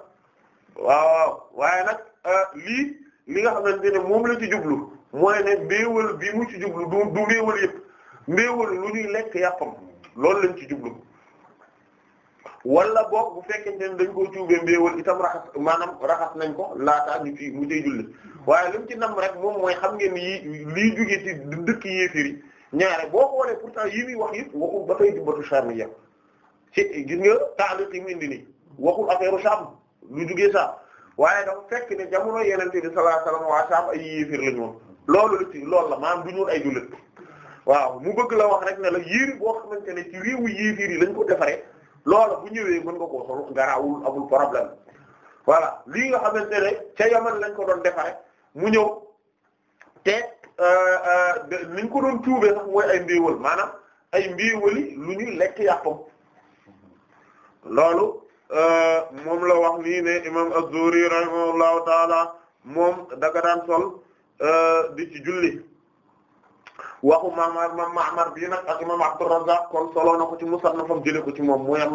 waaw waaw waaye nag euh, lii li nga xamante ne moom la ci jublu mooy ne mbéewal bi mu ci jublu du du mbéewal yëpp mbéewal lu ñuy lekk yàppam loolu lañ ci jublu wala boo bu fekkente ne dañ koo cuubee mbéewal itam raxas maanam raxas nañ ko laataa ñu ci mu ciy julli waaye lim ci nam rek moom mooy xam ngeen yi lii jógee ci dëkk yéefér yi ñaare boo xoolee pourtant yi muy wax yëpp waxul ba tey jubbatu Sham yi yàpp ci gis nga taaliq yi mu indi nii waxul affaire Sham lu jógee sa waaye dafa fekk ne jamono yenente bi sallallahu alayhi wasallam waa Sham ay loolu la ci loolu la maanaam du ñun ay jullit waaw mu bëgg la wax rek ne la yéer boo xamante ne ci réewu yéefir yi lañ ko defaree loola bu ñëwee mën nga koo sol garaawul amul problème voilà lii nga xamante ne ca yaman lañ ko doon defaree mu ñëw te euh, euh, niñ ko doon tuubee sax mooy ay mbiiwal maanaam ay mbiiwali lu ñu lekk yàppam loolu euh, moom la wax nii ne imam Az-Zuhri rahimahullahu taala moom daga daan sol Euh, di ci julli waxu Ma'mar Ma'mar bii nag ak imam Abdurrazzaq kon solo na ko ci musannafam jëlee ko ci moom Ma'mar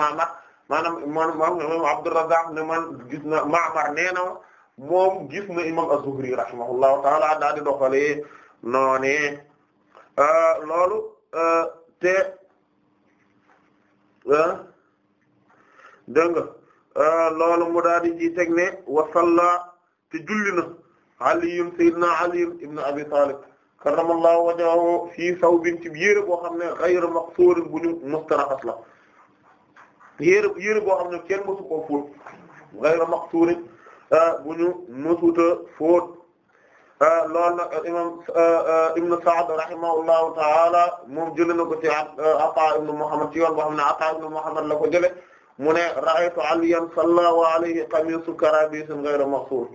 maanaam man man imam Abdurrazzaq ne man gis na Ma'mar nee moom gis na imam Az-Zuhri rahimahullahu ta'ala daal di doxalee euh, loolu euh, te dégg nga loolu mu daal ci teg ne wa salla julli na. aliyum sayyidina ali ibn abi talib karramallahu wajhahu fii sawbin ci yére boo xam ne ghayr maqsurin bu ñu mustaraxas la yére yére boo xam ne kenn mësu koo fóot ghayr maqsurin ah, bu ñu mësuta fóot ah, loolu nag imam ah, ibn Sa'd rahimahullahu taala moom jële na ko ci Ataa ibn Muhammad ci yoon boo xam ne Ataa ibn Muhammad la ko jële mu ne ra'aytu aliyan sallallahu alayhi qamisu karabisin ghayr maqsur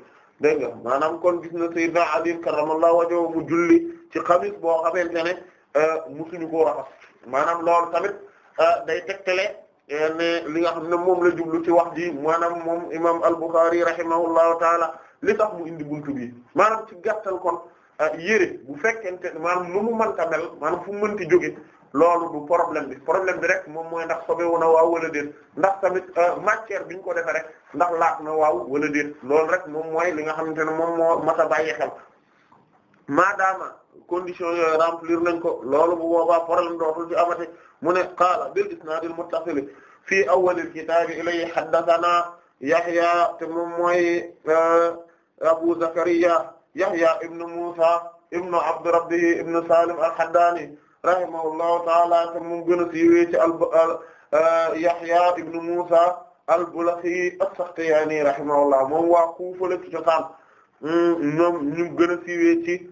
dégg nga maanaam kon gis na sayyidina Ali karramallahu wajhahu mu julli ci xamis boo xamante ne euh, musuñu ko raxas maanaam loolu tamit euh, day tegtale euh, ne li nga xam ne moom la jublu ci wax ji maanaam moom imam al-Bukhari rahimahullahu taala li mu indi buntu bi maanaam ci gàttal kon yére bu fekkente maanaam lu mu mënta mel maanaam fu mu mënti loolu du problème bi problème bi rek moom mooy ndax sobewu na waaw wala déet ndax tamit euh, matière bi ñu ko defee rek ndax laat na waaw wala déet loolu rek moom mooy li nga xamante ne moom moo mat a bàyyi xel condition yooyu remplir nañ ko loolu bu boobaa problème dootul ci amati mu ne qaala bil isnaadil muttasil fii awwalil kitaabi ilay haddathana Yahya te moom mooy euh, Abu Zakariya Yahya ibn Musa ibn Abd Rabbihi ibn Salim al-Haddani rahimahullahu taala te gën a siiwee ci al euh, Yahya ibn Musa al-Bulaxi as-Saxtiyaani rahimahullah moom waa Kuufa la ci hmm, gën a siiwee ci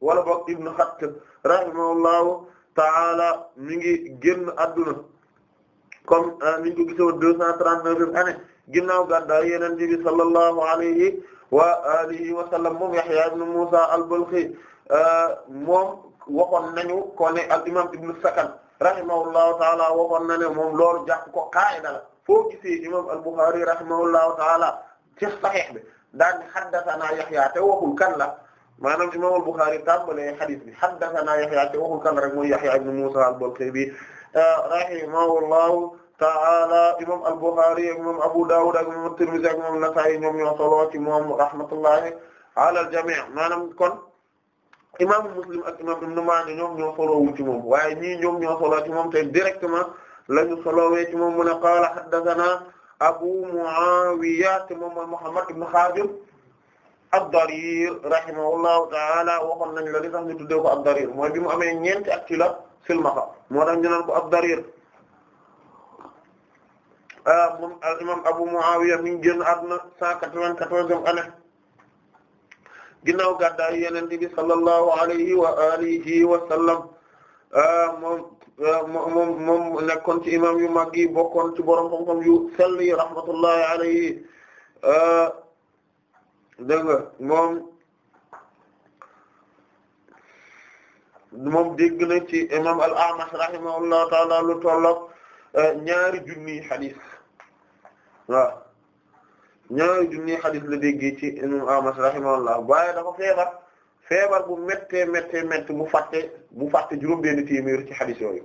wala boog ibn Xatt rahimahullahu taala mi ngi génn adduna comme euh, ni ñu ko gisoo deux cent trente-neuf année ginnaaw gàddaay Yonent bi sallallahu alayhi wa alihi wa sallam moom Yahya ibn Musa al-Bulaxi euh, waxoon nañu ko ne al imam ibnu Sakan rahimahullahu taala waxoon na ne moom loolu jàpp ko qaida la foo gisee imam al Bukhari rahimahullahu taala ci Sahih bi daan haddathana Yahya te waxul kan la maanaam imam al Bukhari tàmbalee hadith bi haddathana Yahya te waxul kan la rek mooy Yahya ibn Musa al-Balkhi rahimahullahu ta'ala imam al Bukhari ak imam Abu Dawud ak imam Tirmidhi ak imam Nasa'i ñoom ñoo solo ci moom rahmatullahi ala al jami' maanaam kon imaamu muslim ak imaam ibn ñoom ñoo solowul ci moom waaye ñii ñoom ñoo solo ci moom te directement la ñu solowee ci moom mu ne qaala haddathana Abu Muawiya te moom mooy Muhammad ibn Khadir ad-Darir rahimahullahu ta'ala waxoon nañ la li tax ñu tuddee ko ad-Darir mooy bi mu amee ñeenti at ci la silmaxa moo tax ñu naan ko ad ah, imaam Abu Muawiya mi ngi génn àdduna 194e année. ginnaaw gàddaayu yonent bi sallallahu alayhi wa alihi wa sallam ah, ah, moom moom nekkoon ci imam yu mag yi bokkoon ci borom xam-xam yu sell yi rahmatullahi alayhi ah, dégg nga moom moom dégg na ci imam al-A'mash rahimahullahu ta'ala lu tollook ñaari junniy hadith waaw ñaari junni xadis la déggee ci imam Ahmad rahimahullah waaye dafa feebar feebar bu méttee méttee méttee mu fàtte mu fàtte juróom-benn ci xadis yooyu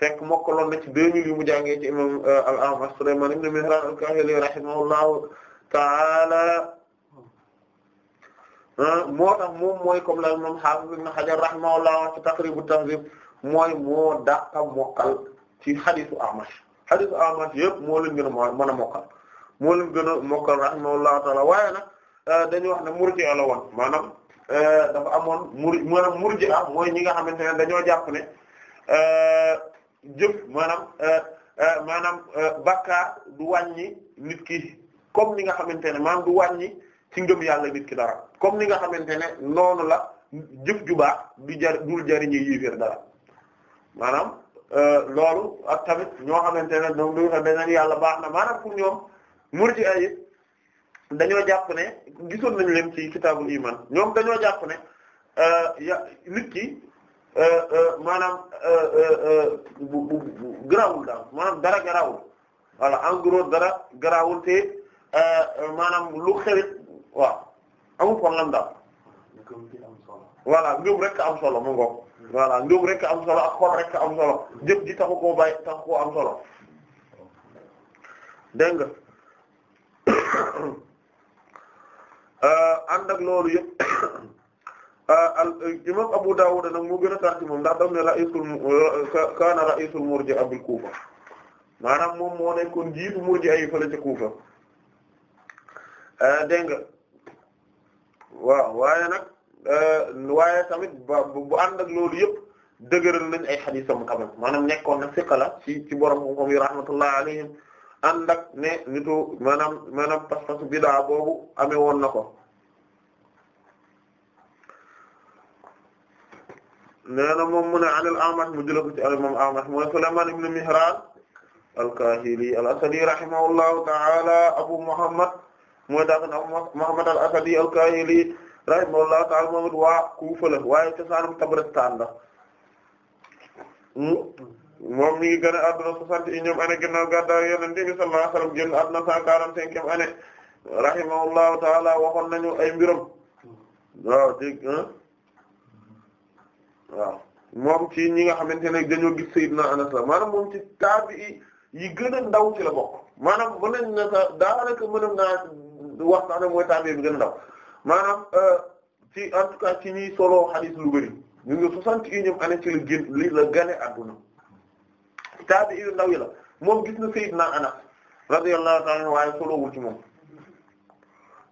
fekk mokkaloon na ci 2000 yu mu jàngee ci imam euh, al-Ahmad Sulaymaan ibn Mihraan al-Kaahili rahimahullahu taala moo tax moom mooy comme la imam Haafiz ibn Hajar rahimahullah ci Taqrib at-Tahdhib mooy moo dàqa mokkal ci xadisu Ahmad xadisu Ahmad yëpp moo leen gën a mokkal moo leen gën a mokkal rahimahullahu taala waaye nag euh, dañuy wax ne murji'a la woon maanaam euh, dafa amoon mur maanaam murji'a mooy ñi nga xamante ne dañoo jàpp ne euh, jëf maanaam maanaam bàkkaar du wàññi nit ki comme ni nga xamante ne maanaam du wàññi ci ngëm yàlla nit ki dara comme ni nga xamante ne noonu la jëf ju baax du jar dul jariñu yéeféer dara maanaam loolu ak tamit ñoo xamante ne ñoom dañu yàlla baax na maanaam pour ñoom murji'a yi dañoo jàpp ne gisoon nañu leen ci kitaabul iman ñoom dañoo jàpp ne euh, ya euh, euh, maanaam bu bu garaawul daal maanaam dara garaawul voilà en gros dara garaawul te maanaam lu xewit waaw amul problème daal. voilà ngëm rek am solo mu ngoog. voilà ngëm am solo ak xol rek am solo jëf ji taxu ko bàyyi taxu koo am solo dégg nga Euh, ànd ak loolu yëpp [coughs] euh, al imam Abu Dawud nag moo gën a tarti moom ndax daf ne ra'isul euh, kaana ra'isul murji'a bil Kufa maanaam moom moo nekkoon jiitu murji'a yi fële Kufa dégg nga waaw waaye nag waaye tamit ba bu ànd ak loolu yëpp dëgëral nañ ay xadiisam tamit maanaam nekkoon na siqa la ci ci borom xam-xam alayhim ànd ak ne nitu maanaam maanaam pas-pas bidaa boobu amee woon ko nee na moom mu ne anil A'mash mu jëla ko ci al imam A'mash mooy Mihraan al-Kaahili al ta'ala Abu Muhammad mooy daafan Abu Muhammad al-Asadi al-Kaahili rahimahullahu ta'ala moom it waa Kuufa la waaye cosaanam Tabaristaan moom mi ngi a adduna soixante et unième année ginnaaw gàddaay Yonent bi sallallahu alayhi wasallam génn adduna cent quarante-cinquième année rahimahullahu ta'ala waxoon nañu ay mbiram waaw dégg ah. waaw moom ci ñi nga xamante ne dañoo gis Seydina Anas la maanaam moom ci taabi'i yi gën a ndaw ci la bokk maanaam mën nañ na ka mën naa wax sax mooy taabi'i bi gën ndaw maanaam euh, ci en tout ci ñiy solo hadith lu bari ñu ngi soixante et unième ci la gane adduna taabi yu ndaw yi la moom gis na Seydina Anas radiyallahu ta'ala anhu waaye solowul ci moom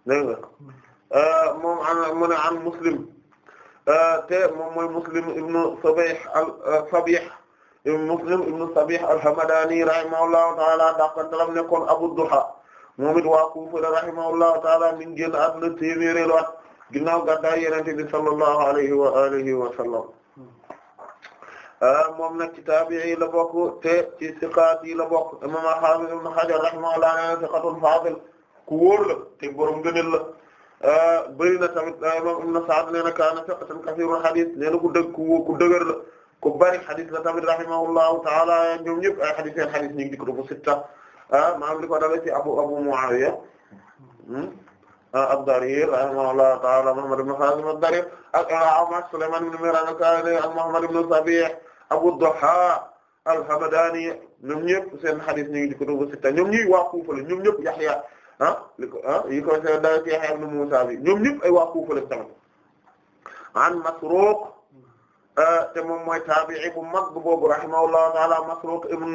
dégg nga euh, moom an mu ne an Muslim euh, te moom mooy Muslim ibnu Sabih al euh, Sabih Muslim ibnu Sabih al-Hamadani rahimahullahu ta'ala dakantalam nekkoon Abu Duha moom it waa Kufa rahimahullahu ta'ala min génn at na téeméeri at ginnaaw gàddaay Yonent bi sallallahu alayhi wa alihi wa sallam Euh, moom nag ci taabi'i la bokk te ci siqaat yi la bokk imam al-Hafiz ibn Hajar rahimahullah nee na siqatun faadil ku wóor la te borom gëneel la euh, bëri na tamit euh, imam Ibn Sa'd nee na kaana siqatan kasiirul hadiis nee na ku dëgg ku dëgër la ku bëri xadis la tamit rahimahullahu ta'ala ñoom ñëpp ay xadis seen xadis ñu ngi di ko def sitta maanaam li ko dalee ci Abu Abu Muawiya hmm? ad-Darir rahimahullahu ta'ala Muhammad ibn Hazim ad-Darir ak Amash Sulaymaan ibn Mihraan al-Kahili ak Muhammad ibn Sabih Abu Duha al-Hamdani ñoom ñëpp seen hadith ñu ngi di kutubu sitta ñoom ñi waa Kufa la ñoom ñëpp Yahya ah li ko ah yi ko seen daal ci Yahya ibn Musa bi ñoom ñëpp ay waa Kufa la tamit an Masruq ah, te moom mooy tabi'i bu mag boobu rahimahullahu ta'ala Masruq ibn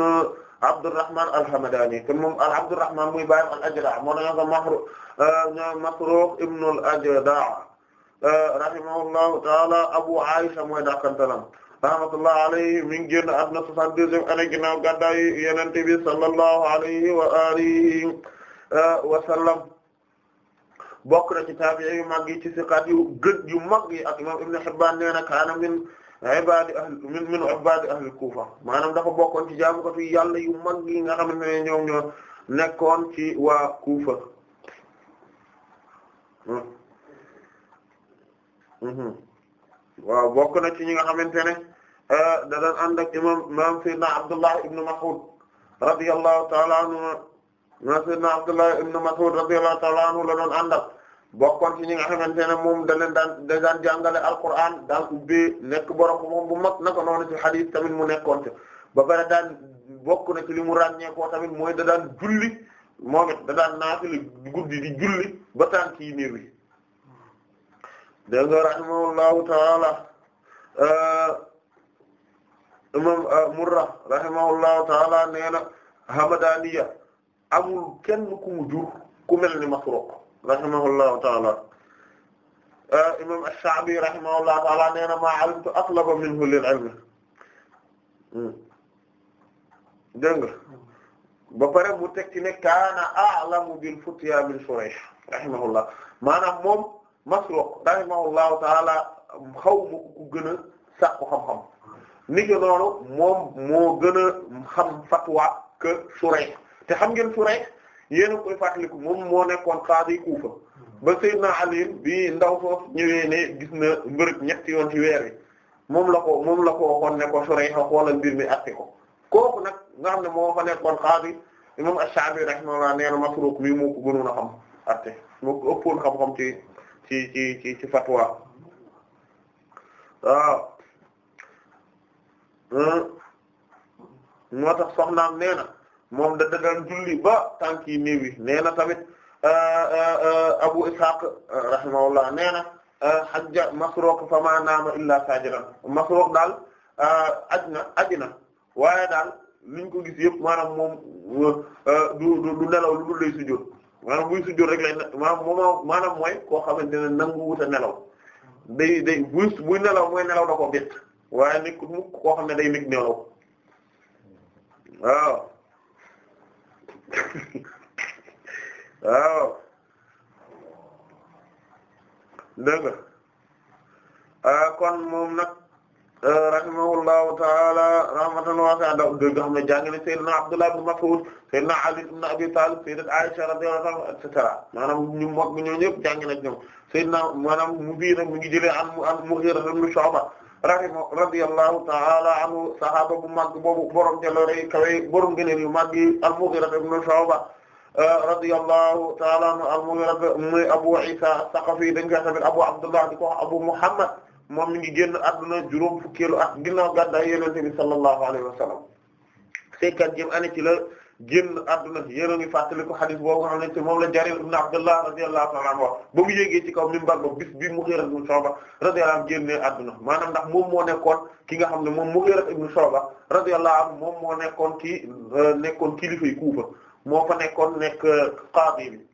Abdurrahman al-Hamdani te moom Abdurrahman muy baayam al-Ajda' moo la nga ah, Masruq ibn al-Ajda' ah, rahimahullahu ta'ala Abu Aisha mooy dakantalam rahmatullah alayhi mi ngi génn àdduna 62e année ginnaaw gàddaay Yonent bi sallallahu alayhi wa alihi uh, wa sallam bokk na ci taabi'i yu mag yi ci yu mag yi ak imam Ibn Hibbaan nee kaana min min min ibaadi ahli Kuufa maanaam dafa bokkoon ci jaamukatu yàlla yu mag yi nga xam ne ñoom ñoo nekkoon ci waa Kuufa hmm. Hmm. Hmm. waaw bokk na ci ñi nga xamante ne da daan ànd ak imam imam sayyidina ibn Mas'ud radiyallahu ta'ala ta'ala anhu bokkoon ci ñi nga xamante ne moom da leen daan da daan jàngale daan ubbee nekk borom moom bu mag naka noonu ci hadith tamit mu nekkoon ci ba pare daan bokk na ci li mu ràññeekoo tamit mooy da daan julli moom it da guddi di julli ba tànk yi néew rahimahullahu ta'ala euh, imam ah, Murra rahimahullahu taala nee na Hamadaniya amul kenn ku mu jur ku mel ni Masruq rahimahullahu taala ah, imam Ash-Sha'bi rahimahullahu taala nee na ma alimtu atlaba minhu lil ilmi hmm. dégg nga ba pare mu teg ci ne kaana a'lamu bil futya min Shurayh rahimahullah maanaam moom Masruq rahimahullahu taala xaw ma ku gën a sàkku xam-xam. ni ki noonu moom moo gën a xam fatwa que Shurayh te xam ngeen Shurayh yéen a koy fàttaliku moom moo nekkoon qaadi Kufa ba na Ali bi ndaw soo ñëwee ne gis na mbërëg ñetti yoon ci weer wi moom la ko moom la ko waxoon ne ko Shurayh mbir mi àtte ko kooku nag nga xam ne moo fa nekkoon qaadi imam Ash-Sha'bi rahimahullah nee na Masruq mi moo ko gënoon a xam àtte moo ko ëppoon xam-xam ci ci ci ci ci fatwa waaw. moo tax soxnaam nee moom da daan julli ba tànk yi néew yi nee na tamit euh, euh, euh, Abu Ishaq rahimahullah nee na hajja Masruq fama naama illa sajidan Masruq daal aj na aj na waaye daal liñ ko gis yëpp maanaam moom du du nelaw lu dul lay sujjóot maanaam buy sujjóot rek moom maanaam mooy koo xamante ne nangu wuta nelaw day day buy buy nelaw mooy nelaw da ko bett waaye nekkul mukk koo xam ne day nekk nelaw waaw waaw dégg nga ah, kon moom nag eh, rahimahullahu taala rahmatan wasi'a da dégg nga xam ne jàng na Seydina Abdullah ibn Mas'ud Seydina Ali ibn Abi Talib Seydina Aisha radiyallahu anha et cetera maanaam ñu mag ñoo ñëpp jàng na ñoom Seydina maanaam mu bii nag mu ngi jëlee an mu an Mughira ibn Shu'ba rahima radiyallahu ta'ala anhu sahaaba bu mag boobu borom jaloore kawe borom gëneel yu mag yi al-Mughira ibn Shu'ba eh, radiyallahu ta'ala anhu al-Mughira muy Abu Isa as-Saqafi dañ koy tamit Abu Abdullah di ko wax Abu Muhammad moom mi ngi génn adduna juróom fukkeelu at ginnaaw gàddaay Yonent bi sallallahu alayhi wa sallam cinquantième année ci la génn adduna yéen a ngi fàttali ko xadis boobu xam ne moom la Jarir ibn Abdullah radiyallahu ta'ala anhu ba mu yéegee ci kaw minbar ba bis bi Mughira ibn Shu'ba radiyallahu anhu génnee adduna maanaam ndax moom moo nekkoon ki nga xam ne moom Mughira ibn Shu'ba radiyallahu anhu moom moo nekkoon ki euh, nekkoon kilifa yi moo fa nekkoon nekk euh, qaadi bi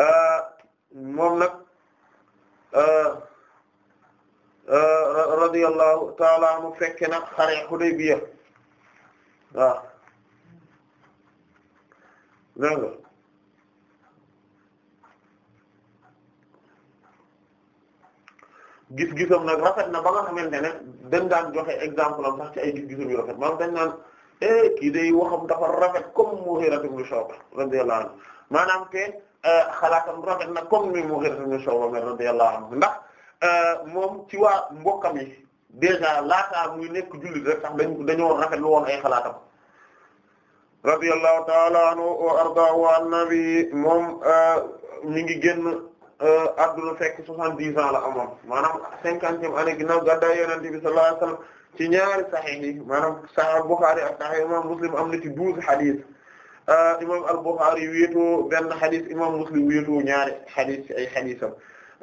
euh, moom nag radiyallahu ta'ala fekke nag xare Hudaybiya waaw dégg nga gis-gisam nag rafet na ba nga xamante ne dañ daan joxe exemple am sax ci ay gis-gisam yu rafet maanaam dañ naan eh kii day waxam dafa rafet comme Mughira ibn Shu'ba radiyallahu anhu maanaam te eh, xalaatam rafet na comme ni Mughira ibn Shu'ba radiyallahu anhu ndax eh, moom ci waa mbokkam mi déjà laataa muy nekk jullit rek sax dañ dañoo rafetlu woon ay xalaatam. radiyallahu ta'ala anhu moom euh, mi ngi génn adduna euh, fekk soixante-dix ans la amoon maanaam cinquantième année ginnaaw bi sallallahu alayhi wasallam ci ñaari sahih yi maanaam sahih Bukhari imam Muslim am na ci douze hadith euh, imam al-Bukhari wéetoo benn hadith imam Muslim wéetoo ñaari hadith ci ay haditham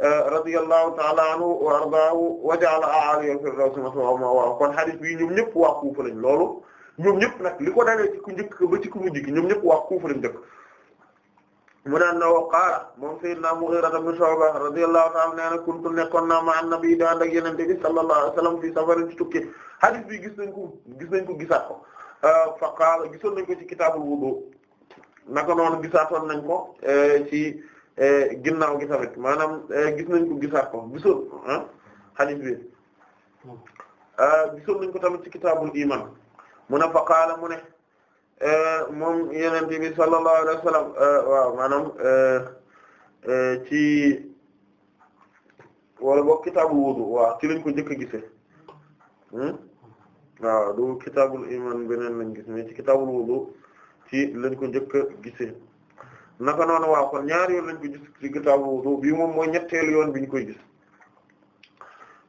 radiyallahu ta'ala anhu wa ardaahu wa ja'ala a'ali al-firdaws maswaahu kon hadith bii ñoom ñëpp waa Kufa lañ loolu ñoom ñëpp nag li ko dalee ci ku njëkk ba ci ku mujj ñoom ñëpp waa Kufa lañ dëkk mu ne na wa qaala moom Seydina Mughira ibn Shu'ba radiyallahu ta'ala nee na kuntu nekkoon naa ma annabi daa ak yeneen bi sallallahu alayhi wasallam fi safarin ci tukki hadith bi gis nañ ko gis nañ ko gisaat ko euh, fa qaala gisoon nañ ko ci kitaabul wudu naka noonu gisaatoon nañ ko euh, ci euh, ginnaaw gi tamit maanaam gis nañ ko gisaat ko gisoon ah hadith bi hmm. gisoon nañ ko tamit ci kitaabul iman mu ne fa mu ne e, moom yenente bi sallallahu alayhi wa sallam e, maanaam e, ci wala boog kitaabu wudu waaw ci lañ ko njëkk a gise hmm? waaw du kitaabul iman beneen lañ gis mais ci kitaabul wudu ci lañ ko njëkk a gise naka noonu waa kon ñaari yoon lañ ko gis ci kitaabul wudu bii moom mooy ñetteel yoon bi ñu koy gis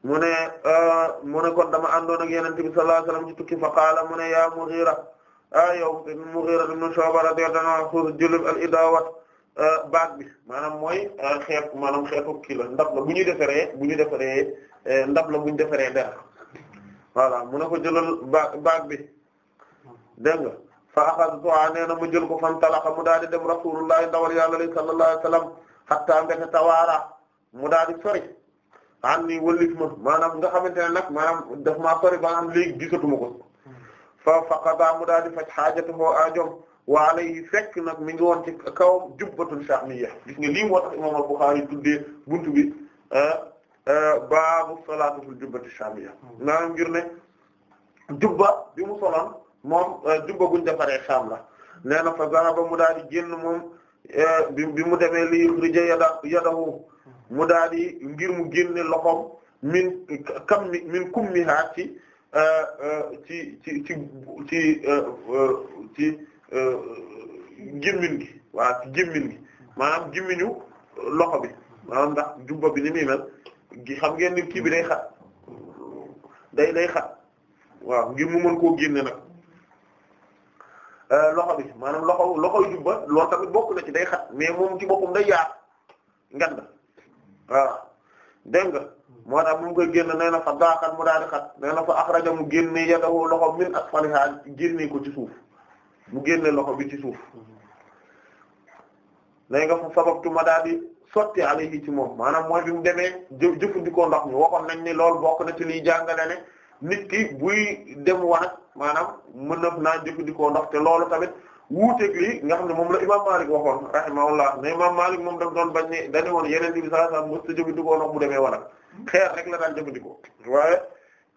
mu ne ah, mu ne kon dama àndoon ak yonent bi sallallahu alayhi wasallam ci tukki fa qaala mu ne yaa Mughira ah yow Mughira ibn Shu'ba radiyallahu anhu jëlal al idawat ah, baag bi maanaam mooy ah, xeet maanaam xeetu kii la ndab la bu ñuy defaree bu ñuy defaree eh, ndab la bu ñu defaree dara voilà mu ne ko jëlal ba baag bi dégg nga fa axadtuha nee na mu jël ko fantalaxa mu daal di dem rasulullah ndawal yàlla sallallahu alayhi wasallam hatta mbete tawaara mu daal di sori. an ni wallif ma maanaam nga xamante ne nag maanaam daf maa sori maanaam léegi gisatuma ko fa faqada mu daal di faj xaajatuhu ajom wa alayhi fekk nag mi ngi woon ci kawam jubbatun sha'miyya gis nga lii moo tax imam al-Bukhari tuddee buntu bi ah, ah, baabu salaatu fil jubbati sha'miyya maanaam ngir ne jubba bi mu soloon moom ah, jubba guñ defaree saam la nee na fa zaraba mu daal di génn moom bi mu demee li yurija yada yadahu mu daal di ngir mu génne loxo min kam min kummiha euh, euh, ci ci ci ci euh, ci ci gémmiñ gi waaw ci gémmiñ maanaam gémmiñu loxo bi maanaam ndax jubba bi ni muy gi xam ngeen ni kii bi day xat day day xat waaw ngir mu mën koo génne nag loxo bi maanaam loxo loxoy jubba loolu tamit bokk na ci day xat mais moom ci boppam day yaat nganda waaw dégg nga moo tax bu mu koy génn nee na fa daaxat mu daal di xat nee na fa axraja mu génne yadahu loxo min asfaliha génne ko ci suuf mu génne loxo bi ci suuf léegi nga fa sababtu ma daal di sotti alayhi ci moom maanaam mooy bi mu demee jë jëfandikoo ndox mi waxoon nañ ni loolu bokk na ci liy jàngale ne nit ki buy dem wanag maanaam mën na naa jëfandikoo ndox te loolu tamit. wuuteeg lii nga xam ne moom la imam Malik waxoon rahimahullah ne imam Malik moom daf doon bañ ne dañu woon yeneen bi saa saa mos a jëfandikoo ndox mu demee xeer rek la daan jëfandikoo waaye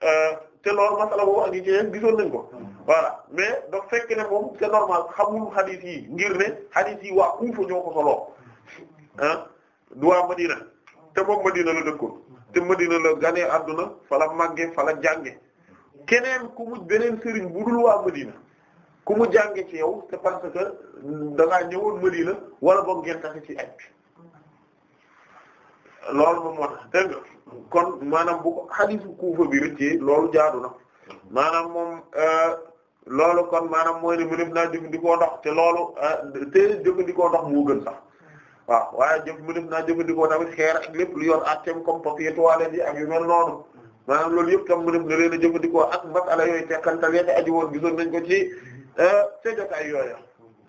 euh, te loolu masala boobu ak yi gisoon nañ ko voilà mais dafa fekk ne moom c'est normal yi ngir ne hadith yi waa Kufa ñoo ko soloo du waa Madina te moom Madina la dëkkoon te Madina la ganee adduna fa la màggee fa la jànge keneen ku mujj beneen sëriñ bu dul waa Madina. ku mu jànge ci yow te parce que da ngaa ñëwoon Madina wala boog ngeen tax ci aj loolu moom moo tax kon maanaam bu ko xadiisu Kuufa bi rëccee loolu jaadu na maanaam moom euh, loolu kon maanaam mooy ne mu def naa ndikoo ndox te loolu euh, te ndikoo ndox mu gën sax waaw waaye jëf mu def naa jëfandikoo tamit xeer ak lépp lu yor àtteem comme papier toilette yi ak yu loolu yëpp tam mu ak masala yooyu teqantal yete aju woon gisoon nañ ko ci Eh, te jotaay yooya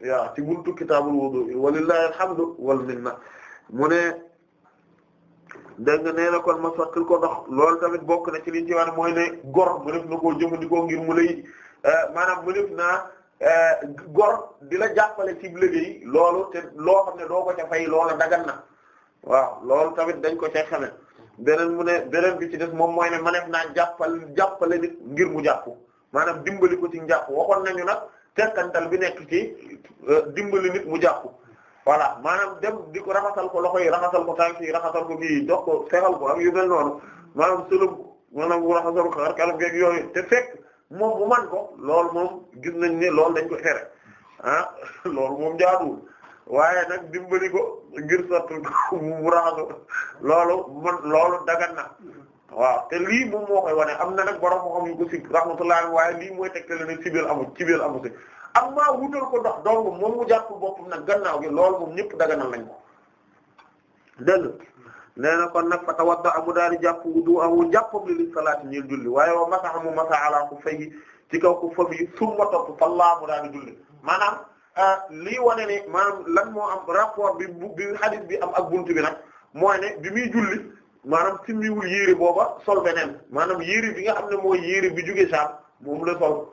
waaw ci buntu kitaabul wudu walillahi alhamdu wal minna mu ne dégg nga nee na kon ma sottil ko ndox loolu tamit bokk na ci liñ ci war mooy ne gor mu def na ko jëfandikoo ngir mu lay eh, maanaam mu naa eh, gor di la jàppale ci liggéey loolu te loo xam ne doo ko ca fay loola dagan na waaw loolu tamit dañ ko cay xame beneen mu ne beneen bi ci def moom mooy ne ma naa jàppal jàppale nit ngir mu jàpp maanaam dimbali ko ci njàpp waxoon nañu nag tekkantal bi nekk ci euh, dimbali nit mu jàpp voilà maanaam dem di ko raxasal ko loxo yi raxasal ko tànk yi raxasal ko kii jox ko seexal ko ak yu mel noonu maanaam sëlëm maanaam bu raxasal ko ak kanam geeg yooyu te fekk moom bu man ko lool moom gis nañ ne lool dañ ko xere ah [laughs] loolu moom jaaduwul waaye nag dimbali ko ngir sotti [laughs] mu raxasu loolu man loolu dagan na waaw te lii moom moo koy wane am na nag borom moo xam yu ko sib rahmatullah waaye lii mooy tegtale ne sibeel amul sibeel amul si am maa wutal ko dox donc moom mu jàpp boppam nag gannaaw gi loolu moom ñëpp daganal nañ ko dégg nee na kon nag fa tawadda amu daal di jàpp wudu amu jàppam li waaye wa masaxa mu masa ala ku ci kaw ku fam yi summa topp salla mu daal julli maanaam ah, lii wane ne maanaam lan moo am rapport bi bi hadith bi am ak buntu bi nag mooy ne bi muy julli maanaam simbiwul yére booba sol beneen maanaam yére bi nga xam ne mooy yére bi jóge saam moom la sol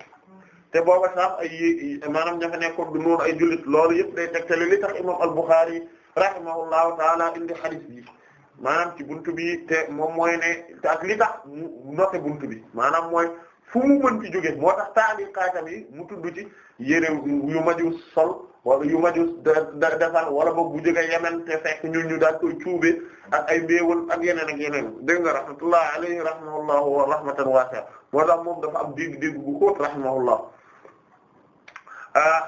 te booba saam ay yé maanaam ña fa nekkoon du noonu ay jullit loolu yëpp day tegtale li tax imam al-Bukhari rahimahullahu taala indi hadith bi maanaam ci buntu bi te moom mooy ne te ak li tax mu noté buntu bi maanaam mooy fu mu mën ci jóge moo tax taaliqaatam bi mu tudd ci yére yu maju sol wala yu majus da defar wala boog bu jóge Yemen te fekk ñun ñu daal koy cuube ak ay mbéewal ak yeneen ak yeneen dégg nga rahmatullah alayhi rahimahullah wa rahmatan wasi'a moo tax moom dafa am dégg-dégg bu xóot rahimahullah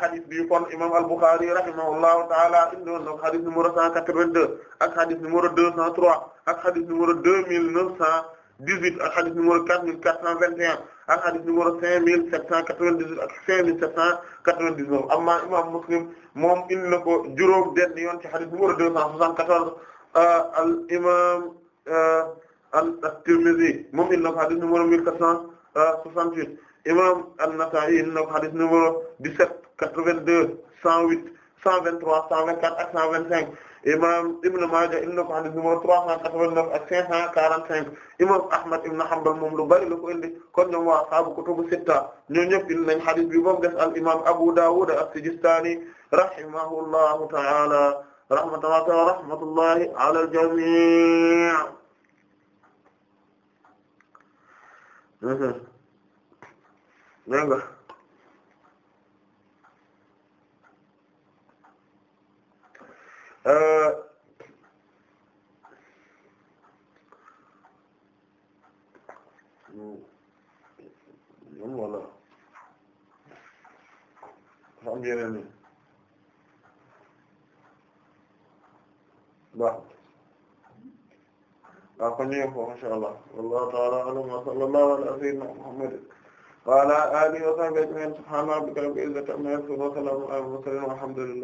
hadith ah, bi kon imam al-Bukhari rahimahullahu ta'ala indoon na hadith numéro 182 ak hadith numéro 203 ak hadith numéro 2900 dix-huit ak hadith numéro quatre mille quatre cent vingt et un ak hadith numéro cinq mille cent quatre vingt dix neuf amma imam Muslim moom indi na ko juróom benn yoon ci hadith numéro deux cent soixante-quatorze euh, al imam euh, at-Tirmidhi moom indi quatre cent soixante-huit imam an-Nasa'i indi quatre quatre-vingt-deux cent huit cent vingt-trois cent vingt-quatre ak cent vingt-cinq imam Ibn Maaja indi na ko hadith numéro 389 ak 545 imam Ahmad Ibn Hanbal moom lu bari la ko indi kon ñoom waa ashaabu kutubu sitta ñoo ñëpp indi hadith bi al imam Abu Dawud as-Sijistani rahimahullahu ta'ala rahmatullahi wa rahmatullahi ala al-jami' mhm. ñoom wala am yeneen ni baax waaw kon ñu yëpp insha Allah wallahu ta'ala a'lam wa sallallahu ala sayyidina Muhammad wa ala alihi wa sahbihi ajma'in subhana rabbika rabbil izzati amma yasifun wa salamun ala al mursalin walhamdulillah